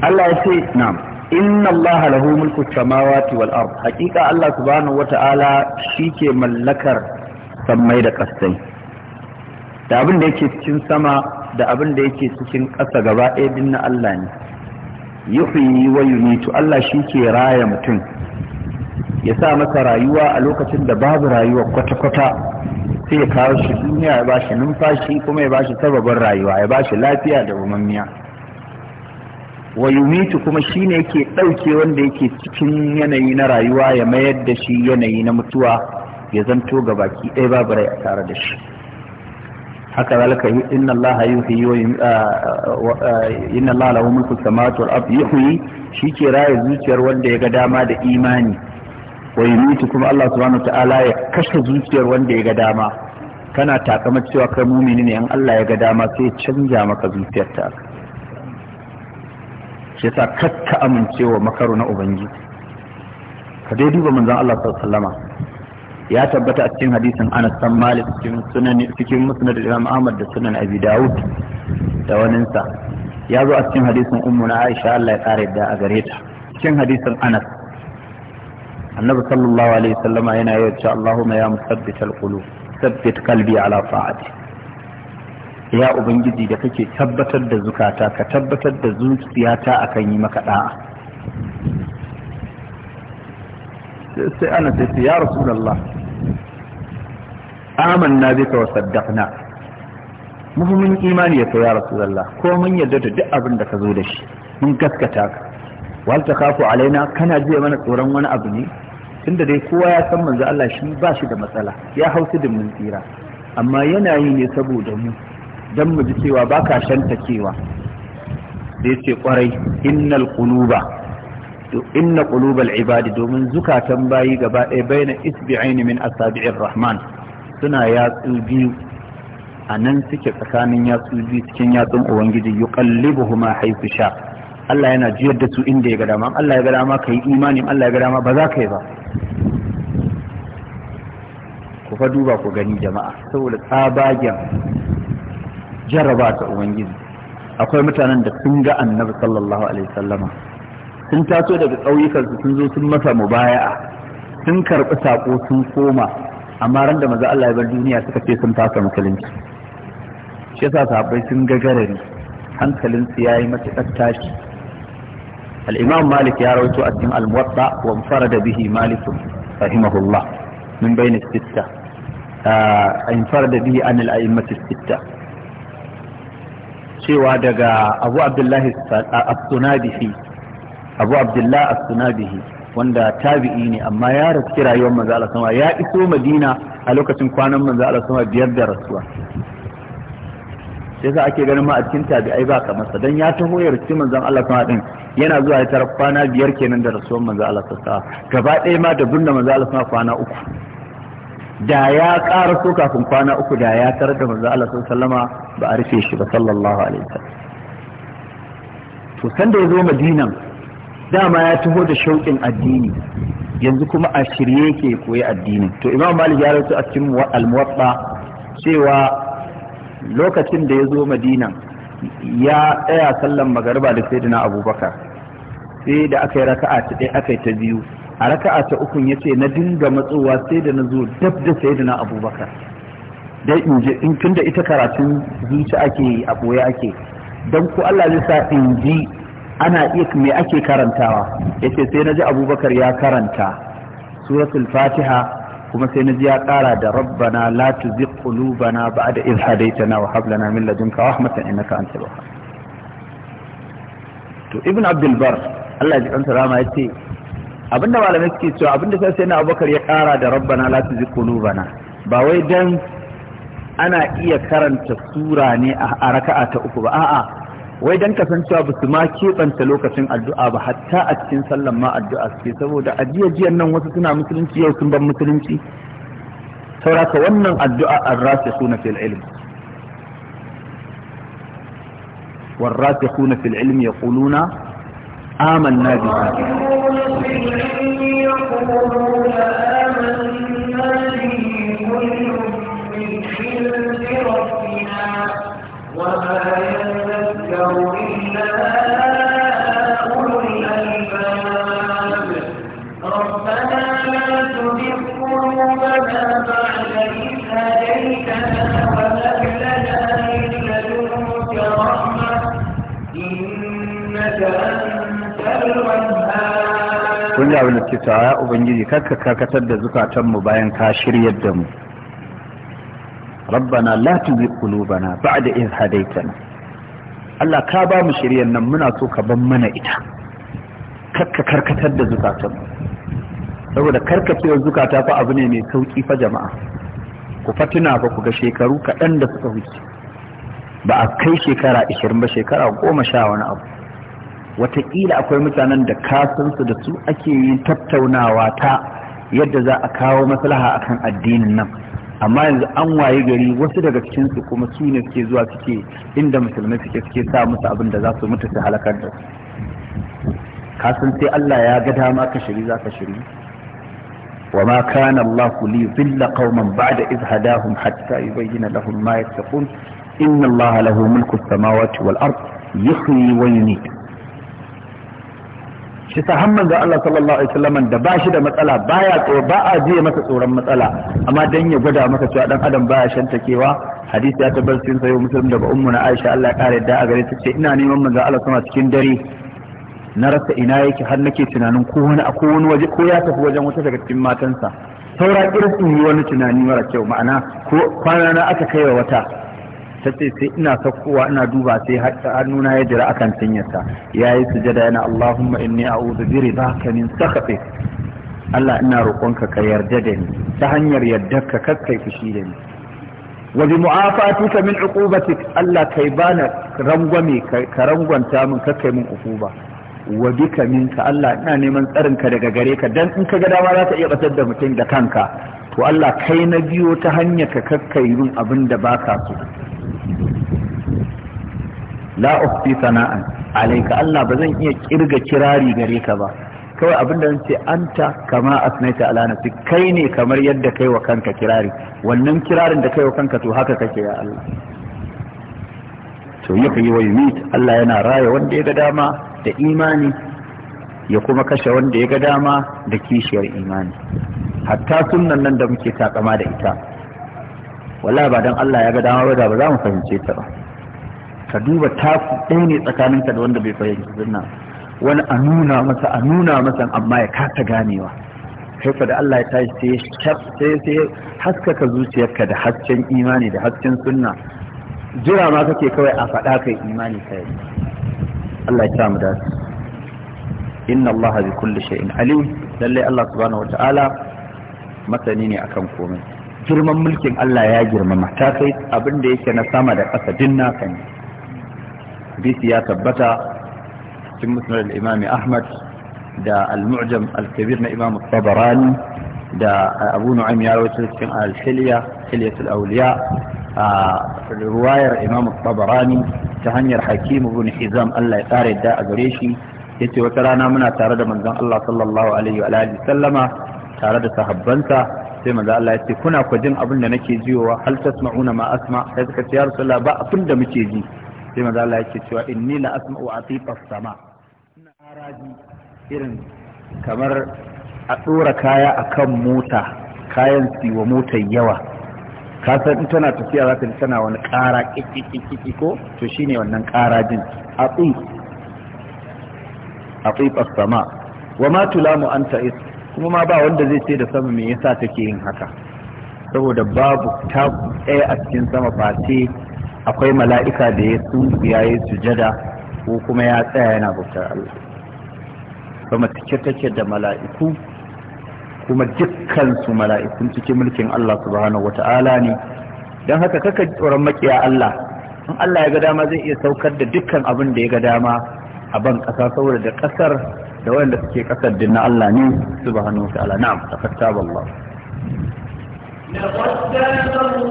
Allah ya ce na'am inna Allah lahu mulku samawati wal ard haqiqa Allah subhanahu wa Ta'ala shi ke mallakar sammai da ƙasai, da abin da yake cikin sama da abin da yake cikin ƙasa gaba ɗaya din na Allah ne yi wa yumitu Allah shi ke raya mutum ya sa masa rayuwa a lokacin da babu rayuwa kwata-kwata sai ya kawo shi duniya ya bashi numfashi kuma ya bashi sababin rayuwa ya bashi lafiya da umarniya wa yumitu kuma shine yake ɗauke wanda yake cikin yanayi na rayuwa ya mayar da shi yanayi na mutuwa ya zanto ga baki ɗaya babu rai a tare da shi haka zalika inna allaha yuhi wa inna allaha lahu mulku samawati wal ardi shi shike raye zuciyar wanda ya ga dama da imani wa yumiti kuma Allah subhanahu ta'ala ya kashe zuciyar wanda ya ga dama kana takamar cewa kai mumini ne in Allah ya ga dama sai ya canja maka zuciyar ta shi yasa kakka amincewa makaru na ubangiji ka dai duba manzon Allah sallallahu ya tabbata a cikin hadisin Anas san Malik cikin sunan cikin musnad Imam Ahmad da sunan Abi Dawud da waninsa ya zo a cikin hadisin Ummu na Aisha Allah ya kare da a gare ta cikin hadisin Anas annabi sallallahu alaihi wasallama yana yau cewa Allahumma ya musabbit alqulub sabbit qalbi ala ta'ati ya ubangiji da kake tabbatar da zukata ka tabbatar da zuciyata akan yi maka da'a sai ana sai ya rasulullah amanna bika wa saddaqna muhimmin imani ya ya rasulullah ko mun yarda da duk abin da ka zo da shi mun gaskata ka wal takafu alaina kana jiya mana tsoron wani abu ne tunda dai kowa ya san manzo Allah shi ba shi da matsala ya hausu da mun tsira amma yana yi ne saboda mu dan mu ji cewa baka shanta cewa da yace kwarai innal quluba to inna qulubal ibadi domin zukatan bayi gaba ɗaya baina isbi'ain min asabi'ir rahman suna yatsu biyu a nan suke tsakanin yatsu biyu cikin yatsun ubangiji yuqallibuhuma haythu sha' Allah yana jiyar da su inda ya ga dama Allah ya ga dama ka yi imanin Allah ya ga dama ba za ka yi ba ku fa duba ku gani jama'a saboda tsabagen jaraba ta ubangiji akwai mutanen da sun ga annabi sallallahu alaihi sallama sun taso daga su sun zo sun masa mubaya'a sun karɓi saƙo sun koma amma ran maza Allah ya bar duniya suka ce sun fasa musulunci shi yasa sahabbai sun ga garari hankalinsu yayi mata tashi al malik ya rawaito a cikin al-muwatta wa farada bihi malik rahimahullah min bayn as-sitta an farada bihi an al-a'immat as-sitta cewa daga abu abdullahi as-sunabihi abu abdullahi as-sunabihi wanda tabi'i ne amma ya rasu rayuwar maza Allah ya iso Madina a lokacin kwanan manzo biyar da rasuwa sai sa ake ganin ma a cikin tabi'ai ba kamar sa dan ya taho ya rikici manzon Allah kuma din yana zuwa ya tarar kwana biyar kenan da rasuwar manzon Allah sassa gaba ɗaya ma da bunna manzon Allah kuma kwana uku da ya ƙara so kafin kwana uku da ya tarar da manzon Allah sallama ba a rufe shi ba sallallahu alaihi wasallam to sanda ya zo madinan dama ya taho da shauƙin addini yanzu kuma a shirye ke koyi addini to imam malik ya rasu a cikin al-muwatta cewa lokacin da ya zo madina ya tsaya sallan magariba da sayyidina abubakar sai da aka yi raka'a ta ɗaya aka yi ta biyu a raka'a ta ukun ya ce na dinga matsowa sai da na zo dab da sayyidina abubakar dai in je in tunda ita karatun zuci ake yi a boye ake dan ko Allah zai sa in ji ana iya me ake karantawa yace sai na ji abubakar ya karanta suratul fatiha kuma sai na ji ya ƙara da rabbana la tuzigh qulubana ba'da idh hadaytana wa hab lana min ladunka rahmatan innaka antal wahhab to ibn abdul bar Allah ya ji kansa rama yace abinda malamai suke cewa abinda sai sai na abubakar ya ƙara da rabbana la tuzigh qulubana ba wai dan ana iya karanta sura ne a raka'a ta uku ba a'a wai dan kasancewa ba su ma keɓanta lokacin addu'a ba hatta a cikin sallan ma addu'a suke saboda jiyan nan wasu suna musulunci yau sun ban musulunci ka wannan addu'a an rasu suna fil ilm والراسخون في العلم يقولون آمنا به وما ينزل kun ya wani cewa ya ubangiji kakka karkatar da zukatanmu bayan ka shiryar da mu rabbana la tuzigh qulubana ba'da idh hadaytana Allah ka ba mu shiryan nan muna so ka ban mana ita kakka karkatar da zukatan saboda karkacewar zukata fa abu ne mai sauki fa jama'a ku fatina ba ku ga shekaru kaɗan da suka wuce ba a kai shekara ishirin ba shekara goma sha wani abu wataƙila akwai mutanen da kasansu da su ake yin tattaunawa ta yadda za a kawo maslaha akan addinin nan amma yanzu an waye gari wasu daga cikin su kuma su ne suke zuwa suke inda musulmai suke suke sa musu abin da za su mutu su halakar da su ka san sai Allah ya ga dama ka shiri za ka shiri wa ma kana Allah li zilla qauman ba'da iz hadahum hatta yubayyana lahum ma yattaqun inna Allah lahu mulku samawati wal ard yuhyi wa yumiitu shi sa hamman ga Allah sallallahu alaihi wasallam da ba shi da matsala baya tsoro ba a jiya masa tsoron matsala amma dan ya gwada masa cewa dan adam baya shantakewa hadisi ya tabbar sun sayo muslim daga ummu na Aisha Allah ya kare da a gare ta ce ina neman manzo Allah sama cikin dare na rasa ina yake har nake tunanin ko wani a ko wani waje ko ya tafi wajen wata daga cikin matansa saura irin yi wani tunani mara kyau ma'ana ko kwana na aka kaiwa wata ta ce sai ina sakkowa ina duba sai hannuna ya jira akan cinyarta ya yi sujada yana Allahumma inni a'udhu bi ridaka min sakhatik Allah ina roƙonka ka yarda da ni ta hanyar yardarka kar kai fushi da ni wa bi mu'afatuka min uqubatik Allah kai bana rangwame ka rangwanta min kar kai min uquba wa bika minka Allah ina neman tsarinka daga gare ka dan in ka ga dama za ka iya batar da mutum da kanka to Allah kai na biyo ta hanyar ka kakkai yin abin da baka so la sana'a, sana'an alayka Allah ba zan iya kirga kirari gare ka ba kawai abin da ce anta kama asnaita ala nafsi kai ne kamar yadda kai wa kanka kirari wannan kirarin da kai wa kanka to haka kake ya Allah to yi wa yumit Allah yana raya wanda ya ga dama da imani ya kuma kashe wanda ya ga dama da kishiyar imani hatta sunnan nan da muke takama da ita wallahi ba dan Allah ya ga dama ba ba za mu fahimce ta ba ka duba taku ɗaya ne tsakaninka da wanda bai fahimci sunna wani a nuna masa a nuna masa amma ya kasa ganewa kai fa da Allah ya tashi sai sai sai haskaka zuciyarka da hasken imani da hasken sunna jira ma kake kawai a faɗa kai imani kai Allah ya samu dace inna Allah bi kulli shay'in alim lalle Allah subhanahu wata'ala masani ne akan komai girman mulkin Allah ya girmama ta kai abin da yake na sama da ƙasa din naka ne ya tabbata cikin musnad al-imam Ahmad da al-mu'jam al-kabir na imam tabarani da abu nu'aym ya rawaito cikin al-hilya hilyatul awliya a riwayar imam tabarani ta hanyar hakim ibn hizam Allah ya tsare da a gare shi yace wata rana muna tare da manzon Allah sallallahu alaihi wa alihi sallama tare da sahabbansa sai maza Allah ya ce kuna ku jin abin da nake jiwa hal tasma'una ma asma sai suka ce ya rasulullah ba abin da muke ji sai maza Allah ya ce cewa inni la asma'u atifa sama ina haraji irin kamar a tsora kaya akan mota kayan siwa mota yawa ka san in tana tafiya za ta ji tana wani ƙara ƙiƙiƙiƙi ko to shine wannan ƙara jin a tsi a tsi sama wa ma tulamu anta is kuma ma ba wanda zai ce da sama me yasa take yin haka saboda babu ta ɗaya a cikin sama face akwai mala'ika da ya sun ya yi sujada ko kuma ya tsaya yana bautar Allah Kuma take take da mala'iku kuma dukkan su mala'ikun cikin mulkin Allah subhanahu wata'ala ne dan haka kaka tsoron makiya Allah in Allah ya ga dama zai iya saukar da dukkan abin da ya ga dama a ban ƙasa saboda da ƙasar da wanda suke kasar din na Allah ne subhanahu wa ta'ala na'am taqattaba Allah laqad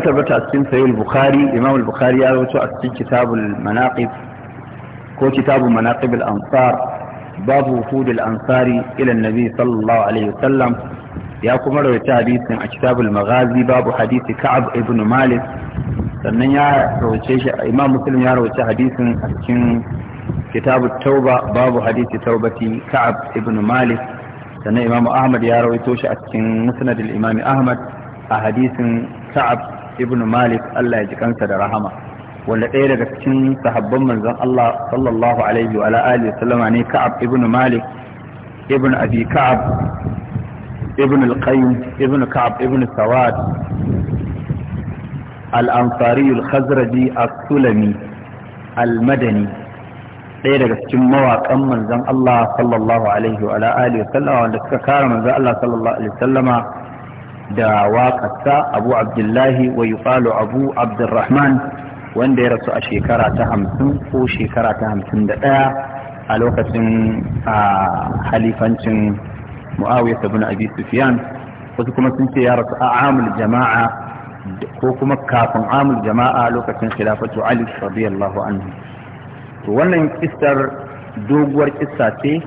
تبتع السن سيد البخاري إمام البخاري أغتع السن كتاب المناقب هو كتاب مناقب الأنصار باب وفود الأنصار إلى النبي صلى الله عليه وسلم ياكم روية حديث من كتاب المغازي باب حديث كعب ابن مالك سنن يا إمام مسلم يا روية حديث السن كتاب التوبة باب حديث توبة كعب ابن مالك سنن إمام أحمد يا روية السن مسند الإمام أحمد أحديث كعب ibn malik Allah ya ji kansa da rahama wanda ɗaya daga cikin sahabban manzon Allah sallallahu alaihi wa alihi sallama ne ka'ab ibn malik ibn abi ka'ab ibn al-qayyim ibn ka'ab ibn sawad al-ansari al-khazraji as-sulami al-madani ɗaya daga cikin mawaƙan manzon Allah sallallahu alaihi wa alihi sallama wanda suka kare manzon Allah sallallahu alaihi wa sallama. da waƙarsa abu abdullahi wa yuqalu abu abdurrahman wanda ya rasu a shekara ta hamsin ko shekara ta hamsin da ɗaya a lokacin halifancin mu'awiyar sabbin abi sufyan wasu kuma sun ce ya rasu a amul jama'a ko kuma kafin amul jama'a lokacin khilafatu ali radiyallahu anhu to wannan kistar doguwar kissa ce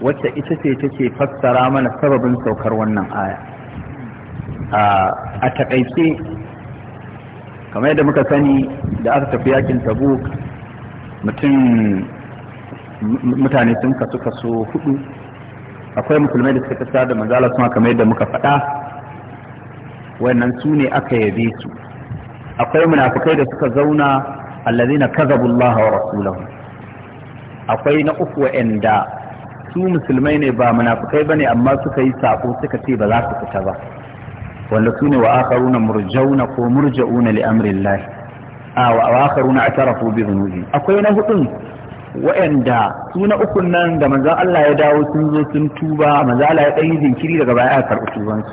wacce ita ce take fassara mana sababin saukar wannan aya a takaice kamar yadda muka sani da aka tafi yakin tabuk mutum mutane sun kasu kaso hudu akwai musulmai da suka tasa da manzala suna kamar yadda muka faɗa wannan su ne aka yabe su akwai munafukai da suka zauna allazina kazabu Allah wa rasulahu akwai na uku wa'anda su musulmai ne ba munafukai ba ne, amma suka yi sako suka ce ba za su fita ba wanda su ne wa akaruna murjauna ko murja'una li amrillah a wa akaruna atarafu bi dhunubi akwai na hudun wa'anda su na ukun nan da manzon Allah ya dawo sun zo sun tuba manzon Allah ya dan yi jinkiri daga baya a karɓi tubansu.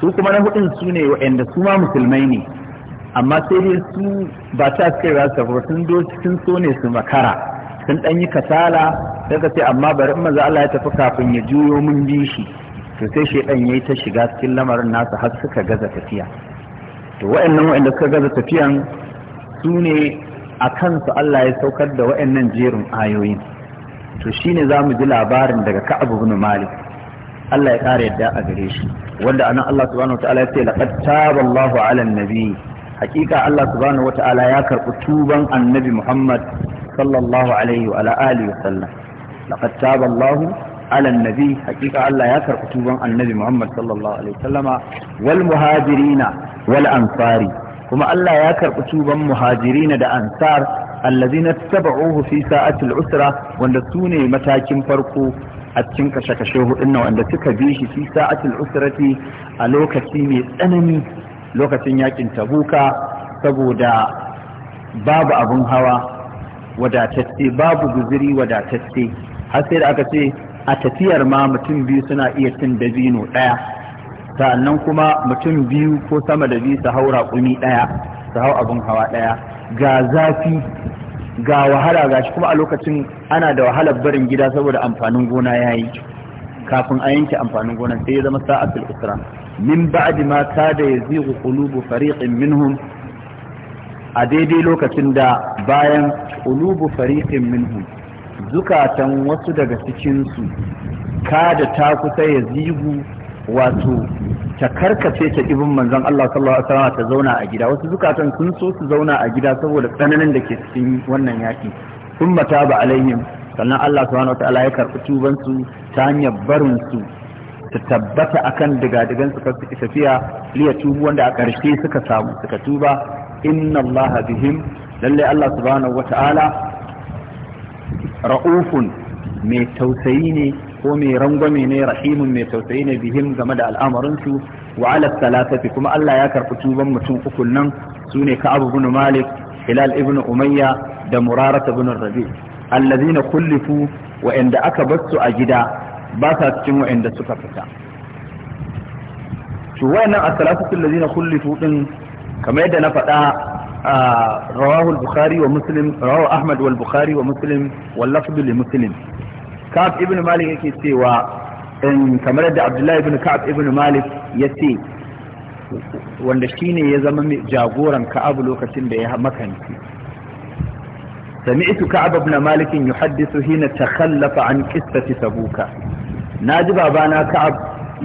su kuma na hudun su ne wa'anda su ma musulmai ne amma sai dai su ba ta suke za su sun do sun so ne su makara sun dan yi kasala daga sai amma bari in manzon Allah ya tafi kafin ya juyo mun bi shi to sai shaidan yayi ta shiga cikin lamarin nasa har suka gaza tafiya to wa'annan wa'anda suka gaza tafiyan su ne a kansu Allah ya saukar da wa'annan jerin ayoyin to shine za mu ji labarin daga Ka'abu bin Malik Allah ya kare yadda a gare shi wanda anan Allah subhanahu wataala ya ce laqad taballahu ala nabi hakika Allah subhanahu wataala ya karbi tuban annabi Muhammad sallallahu alaihi wa ala alihi wa sallam laqad taballahu ala nabi hakika Allah ya karɓi tuban annabi Muhammad sallallahu alaihi wasallama wal muhajirina wal ansari kuma Allah ya karɓi tuban muhajirina da ansar allazina tabauhu fi sa'atil usra wanda sune matakin farko a cikin kashe-kashe hudun nan wanda suka bi shi fi sa'atil usrati a lokaci mai tsanani lokacin yakin tabuka saboda babu abun hawa wadatacce babu guziri wadatacce har sai da aka ce a tafiyar ma mutum biyu suna iya cin dabino ɗaya sannan kuma mutum biyu ko sama da biyu su haura raƙumi ɗaya su hau abin hawa ɗaya ga zafi ga wahala ga shi kuma a lokacin ana da wahalar barin gida saboda amfanin gona ya yi kafin a yanke amfanin gona sai ya zama sa'atul usra min ba'di ma kada yazighu qulubu fariqin minhum a daidai lokacin da bayan qulubu fariqin minhum zukatan wasu daga cikinsu kada ta kusa ya zigu wato ta karkace ta ibin manzon Allah sallallahu alaihi wasallam ta zauna a gida wasu zukatan sun so su zauna a gida saboda tsananin da ke cikin wannan yaki sun mata ba alaihim sannan Allah subhanahu wataala ya karbi tuban su ta hanyar barin su ta tabbata akan digadigan su kasu tafiya liya tubu wanda a karshe suka samu suka tuba inna Allah bihim lalle Allah subhanahu wataala ra'ufun mai tausayi ne ko mai rangwame ne rahimun mai tausayi ne bihim game da al'amarinsu wa ala salatati kuma Allah ya karɓi tuban mutum uku nan su ne ka abu malik hilal ibn umayya da murarata ibn rabi allazina kullifu wa'anda aka basu a gida ba sa cikin wa'anda suka fita to wayannan as-salatatu allazina kullifu din kamar yadda na faɗa rawahu al-bukhari wa muslim wa muslim wal lafdu li muslim ka'ab ibn malik yake cewa in kamar da abdullahi ibn ka'ab wanda shine ya zama jagoran ka'ab lokacin da ya makanci sami'tu ka'ab ibn malik na hina takhallafa an qissati sabuka ji babana ka'ab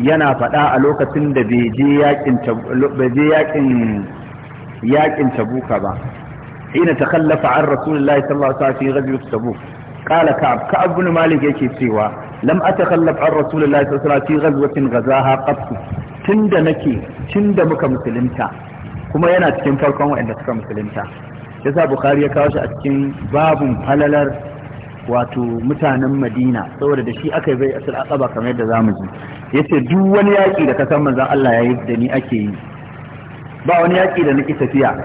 yana faɗa a lokacin da bai je yakin yakin tabuka ba ina hina takallafa an rasulullahi sallallahu alaihi wasallam fi ghazwat tabuk qala ka ka'ab ibn malik yake cewa lam atakhallaf an rasulullahi sallallahu alaihi wasallam fi ghazwatin ghazaha qattu tunda nake tunda muka musulunta kuma yana cikin farkon wanda suka musulunta yasa bukhari ya kawo shi a cikin babun falalar wato mutanen madina saboda da shi aka yi bai asir aqaba kamar yadda zamu ji yace duk wani yaki da ka san manzon Allah yayi da ni ake yi ba wani yaƙi da nake tafiya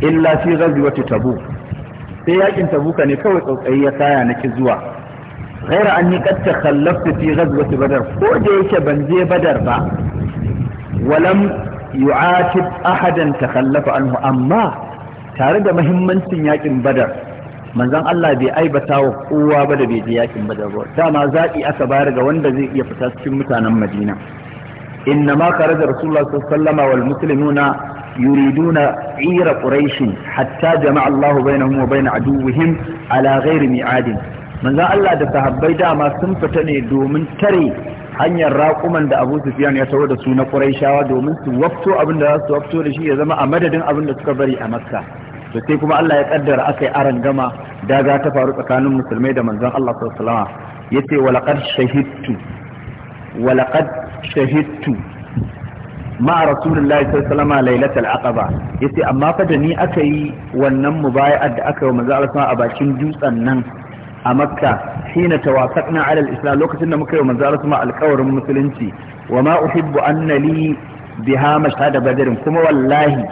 illa fi gazi wata tabu sai yaƙin ta buka ne kawai tsautsayi ya kaya nake zuwa ghaira an yi kacce kallafta fi gazi wata badar ko da yake ban je badar ba walam yu'atib ahadan ta kallafa anhu amma tare da muhimmancin yaƙin badar manzan Allah bai aibata wa kowa ba da bai je yaƙin badar ba dama zaɓi aka bayar ga wanda zai iya fita cikin mutanen Madina. إنما خرج رسول الله صلى الله عليه وسلم والمسلمون يريدون عير قريش حتى جمع الله بينهم وبين عدوهم على غير ميعاد من ذا الله ده صحابي داما sun fita ne domin tare hanyar raƙuman da Abu Sufyan ya tawo da su na Qurayshawa domin su wafto abin za su wafto da shi ya zama a madadin abin da suka bari a Makka to sai kuma Allah ya kaddara akai aran gama daga ta faru tsakanin musulmai da manzon Allah sallallahu alaihi wasallam yace walaqad shahidtu walaqad shahidtu ma rasulullahi sallallahu alaihi lailatul aqaba yace amma fa da ni aka yi wannan mubaya'ar da aka yi wa manzo Allah a bakin dutsen nan a makka hina tawafaqna ala al-islam lokacin da muka yi wa manzo Allah alƙawarin musulunci wa ma uhibbu anna li biha mashhada kuma wallahi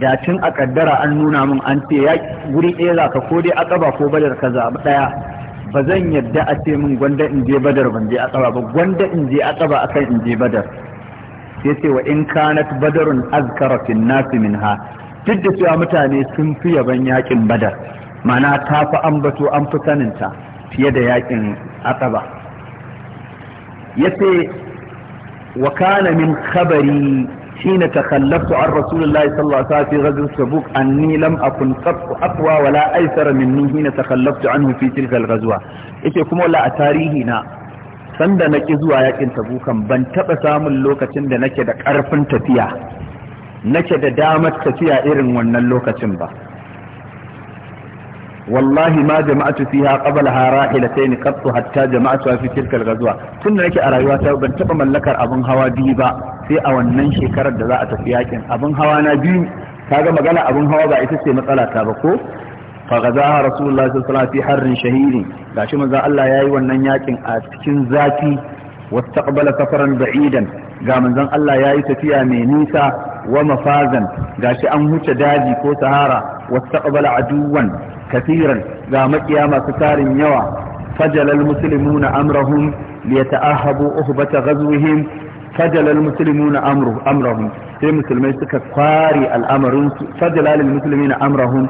da tun a kaddara an nuna min an ce ya guri ɗaya zaka ko dai aqaba ko badar kaza daya ba zan yadda a ce min gwanda in je badar ban je aqaba ba gwanda in je aqaba akan in je badar sai ce wa in kanat badarun azkara fin nasi minha duk da cewa mutane sun fi yaban yakin badar mana ta fi ambato an fi saninta fiye da yakin aqaba yace wa kana min khabari حين تخلفت عن رسول الله صلى الله عليه وسلم في غزوة تبوك أني لم أكن قط أقوى ولا أيسر مني حين تخلفت عنه في تلك الغزوة إيش كما لا أتاريهنا sanda na ƙi zuwa yakin tabukan ban taɓa samun lokacin da nake da ƙarfin tafiya nake da damar tafiya irin wannan lokacin ba wallahi ma jama'a jama'atu fiha qablaha rahilatayn qattu hatta jama'atu fi tilka al-ghazwa tun da nake a ta ban taba mallakar abin hawa biyu ba sai a wannan shekarar da za a tafi yakin abun hawa na biyu ta kaga magana abin hawa ba ita ce matsala ta ba ko fa gazaha rasulullah sallallahu alaihi wasallam fi harrin shahiri gashi manzo Allah yayi wannan yakin a cikin zafi wastaqbala safaran ba'idan ga manzon Allah yayi tafiya mai nisa wa mafazan gashi an huce daji ko sahara wastaqbala aduwan kasiran ga makiya masu tarin yawa فجل المسلمون أمرهم ليتأهبوا أهبة غزوهم فجل المسلمون أمره أمرهم في مسلمين سكا قاري الأمر فجل للمسلمين أمرهم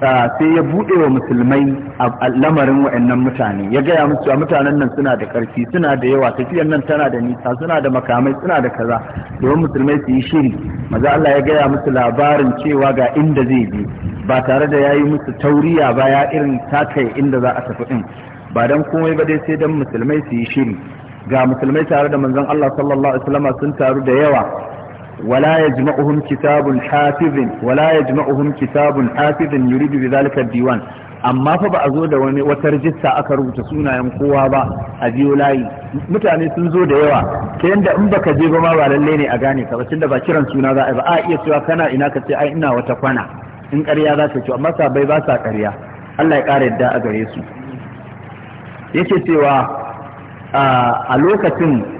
sai ya buɗe wa musulmai a lamarin wa'annan mutane ya gaya musu a mutanen nan suna da ƙarfi suna da yawa tafiyan nan tana da nisa suna da makamai suna da kaza domin musulmai su yi shiri maza Allah ya gaya musu labarin cewa ga inda zai bi ba tare da ya yi musu tauriya ba ya irin takai inda za a tafi din. ba dan komai ba dai sai dan musulmai su yi shiri ga musulmai tare da manzon Allah sallallahu alaihi wasallam sun taru da yawa ولا يجمعهم كتاب حافظ ولا يجمعهم كتاب حافظ يريد بذلك الديوان amma fa ba a zo da wani wata rijista aka rubuta sunayen kowa ba a biyo layi mutane sun zo da yawa ta yanda in baka je ba ma ba lallai ne a gane ka ba tunda ba kiran suna za a ba a iya cewa kana ina ka ce ai ina wata kwana in karya za ka ce amma sabai ba sa ƙarya Allah ya ƙara yadda a gare su yake cewa a lokacin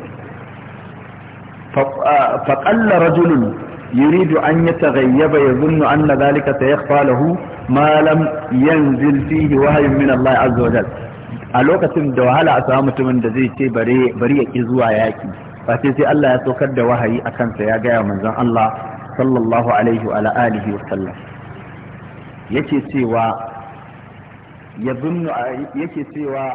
faƙalla rajulun yuridu an yi tagayyaba ya zunnu an na zalika ta yakfa lahu malam yanzil fihi wahayin min Allah azza a lokacin da wahala a samu mutumin da zai ce bari ya ki zuwa yaki ba sai Allah ya saukar da wahayi a kansa ya gaya manzon Allah sallallahu alaihi wa alihi wa sallam yake cewa ya yake cewa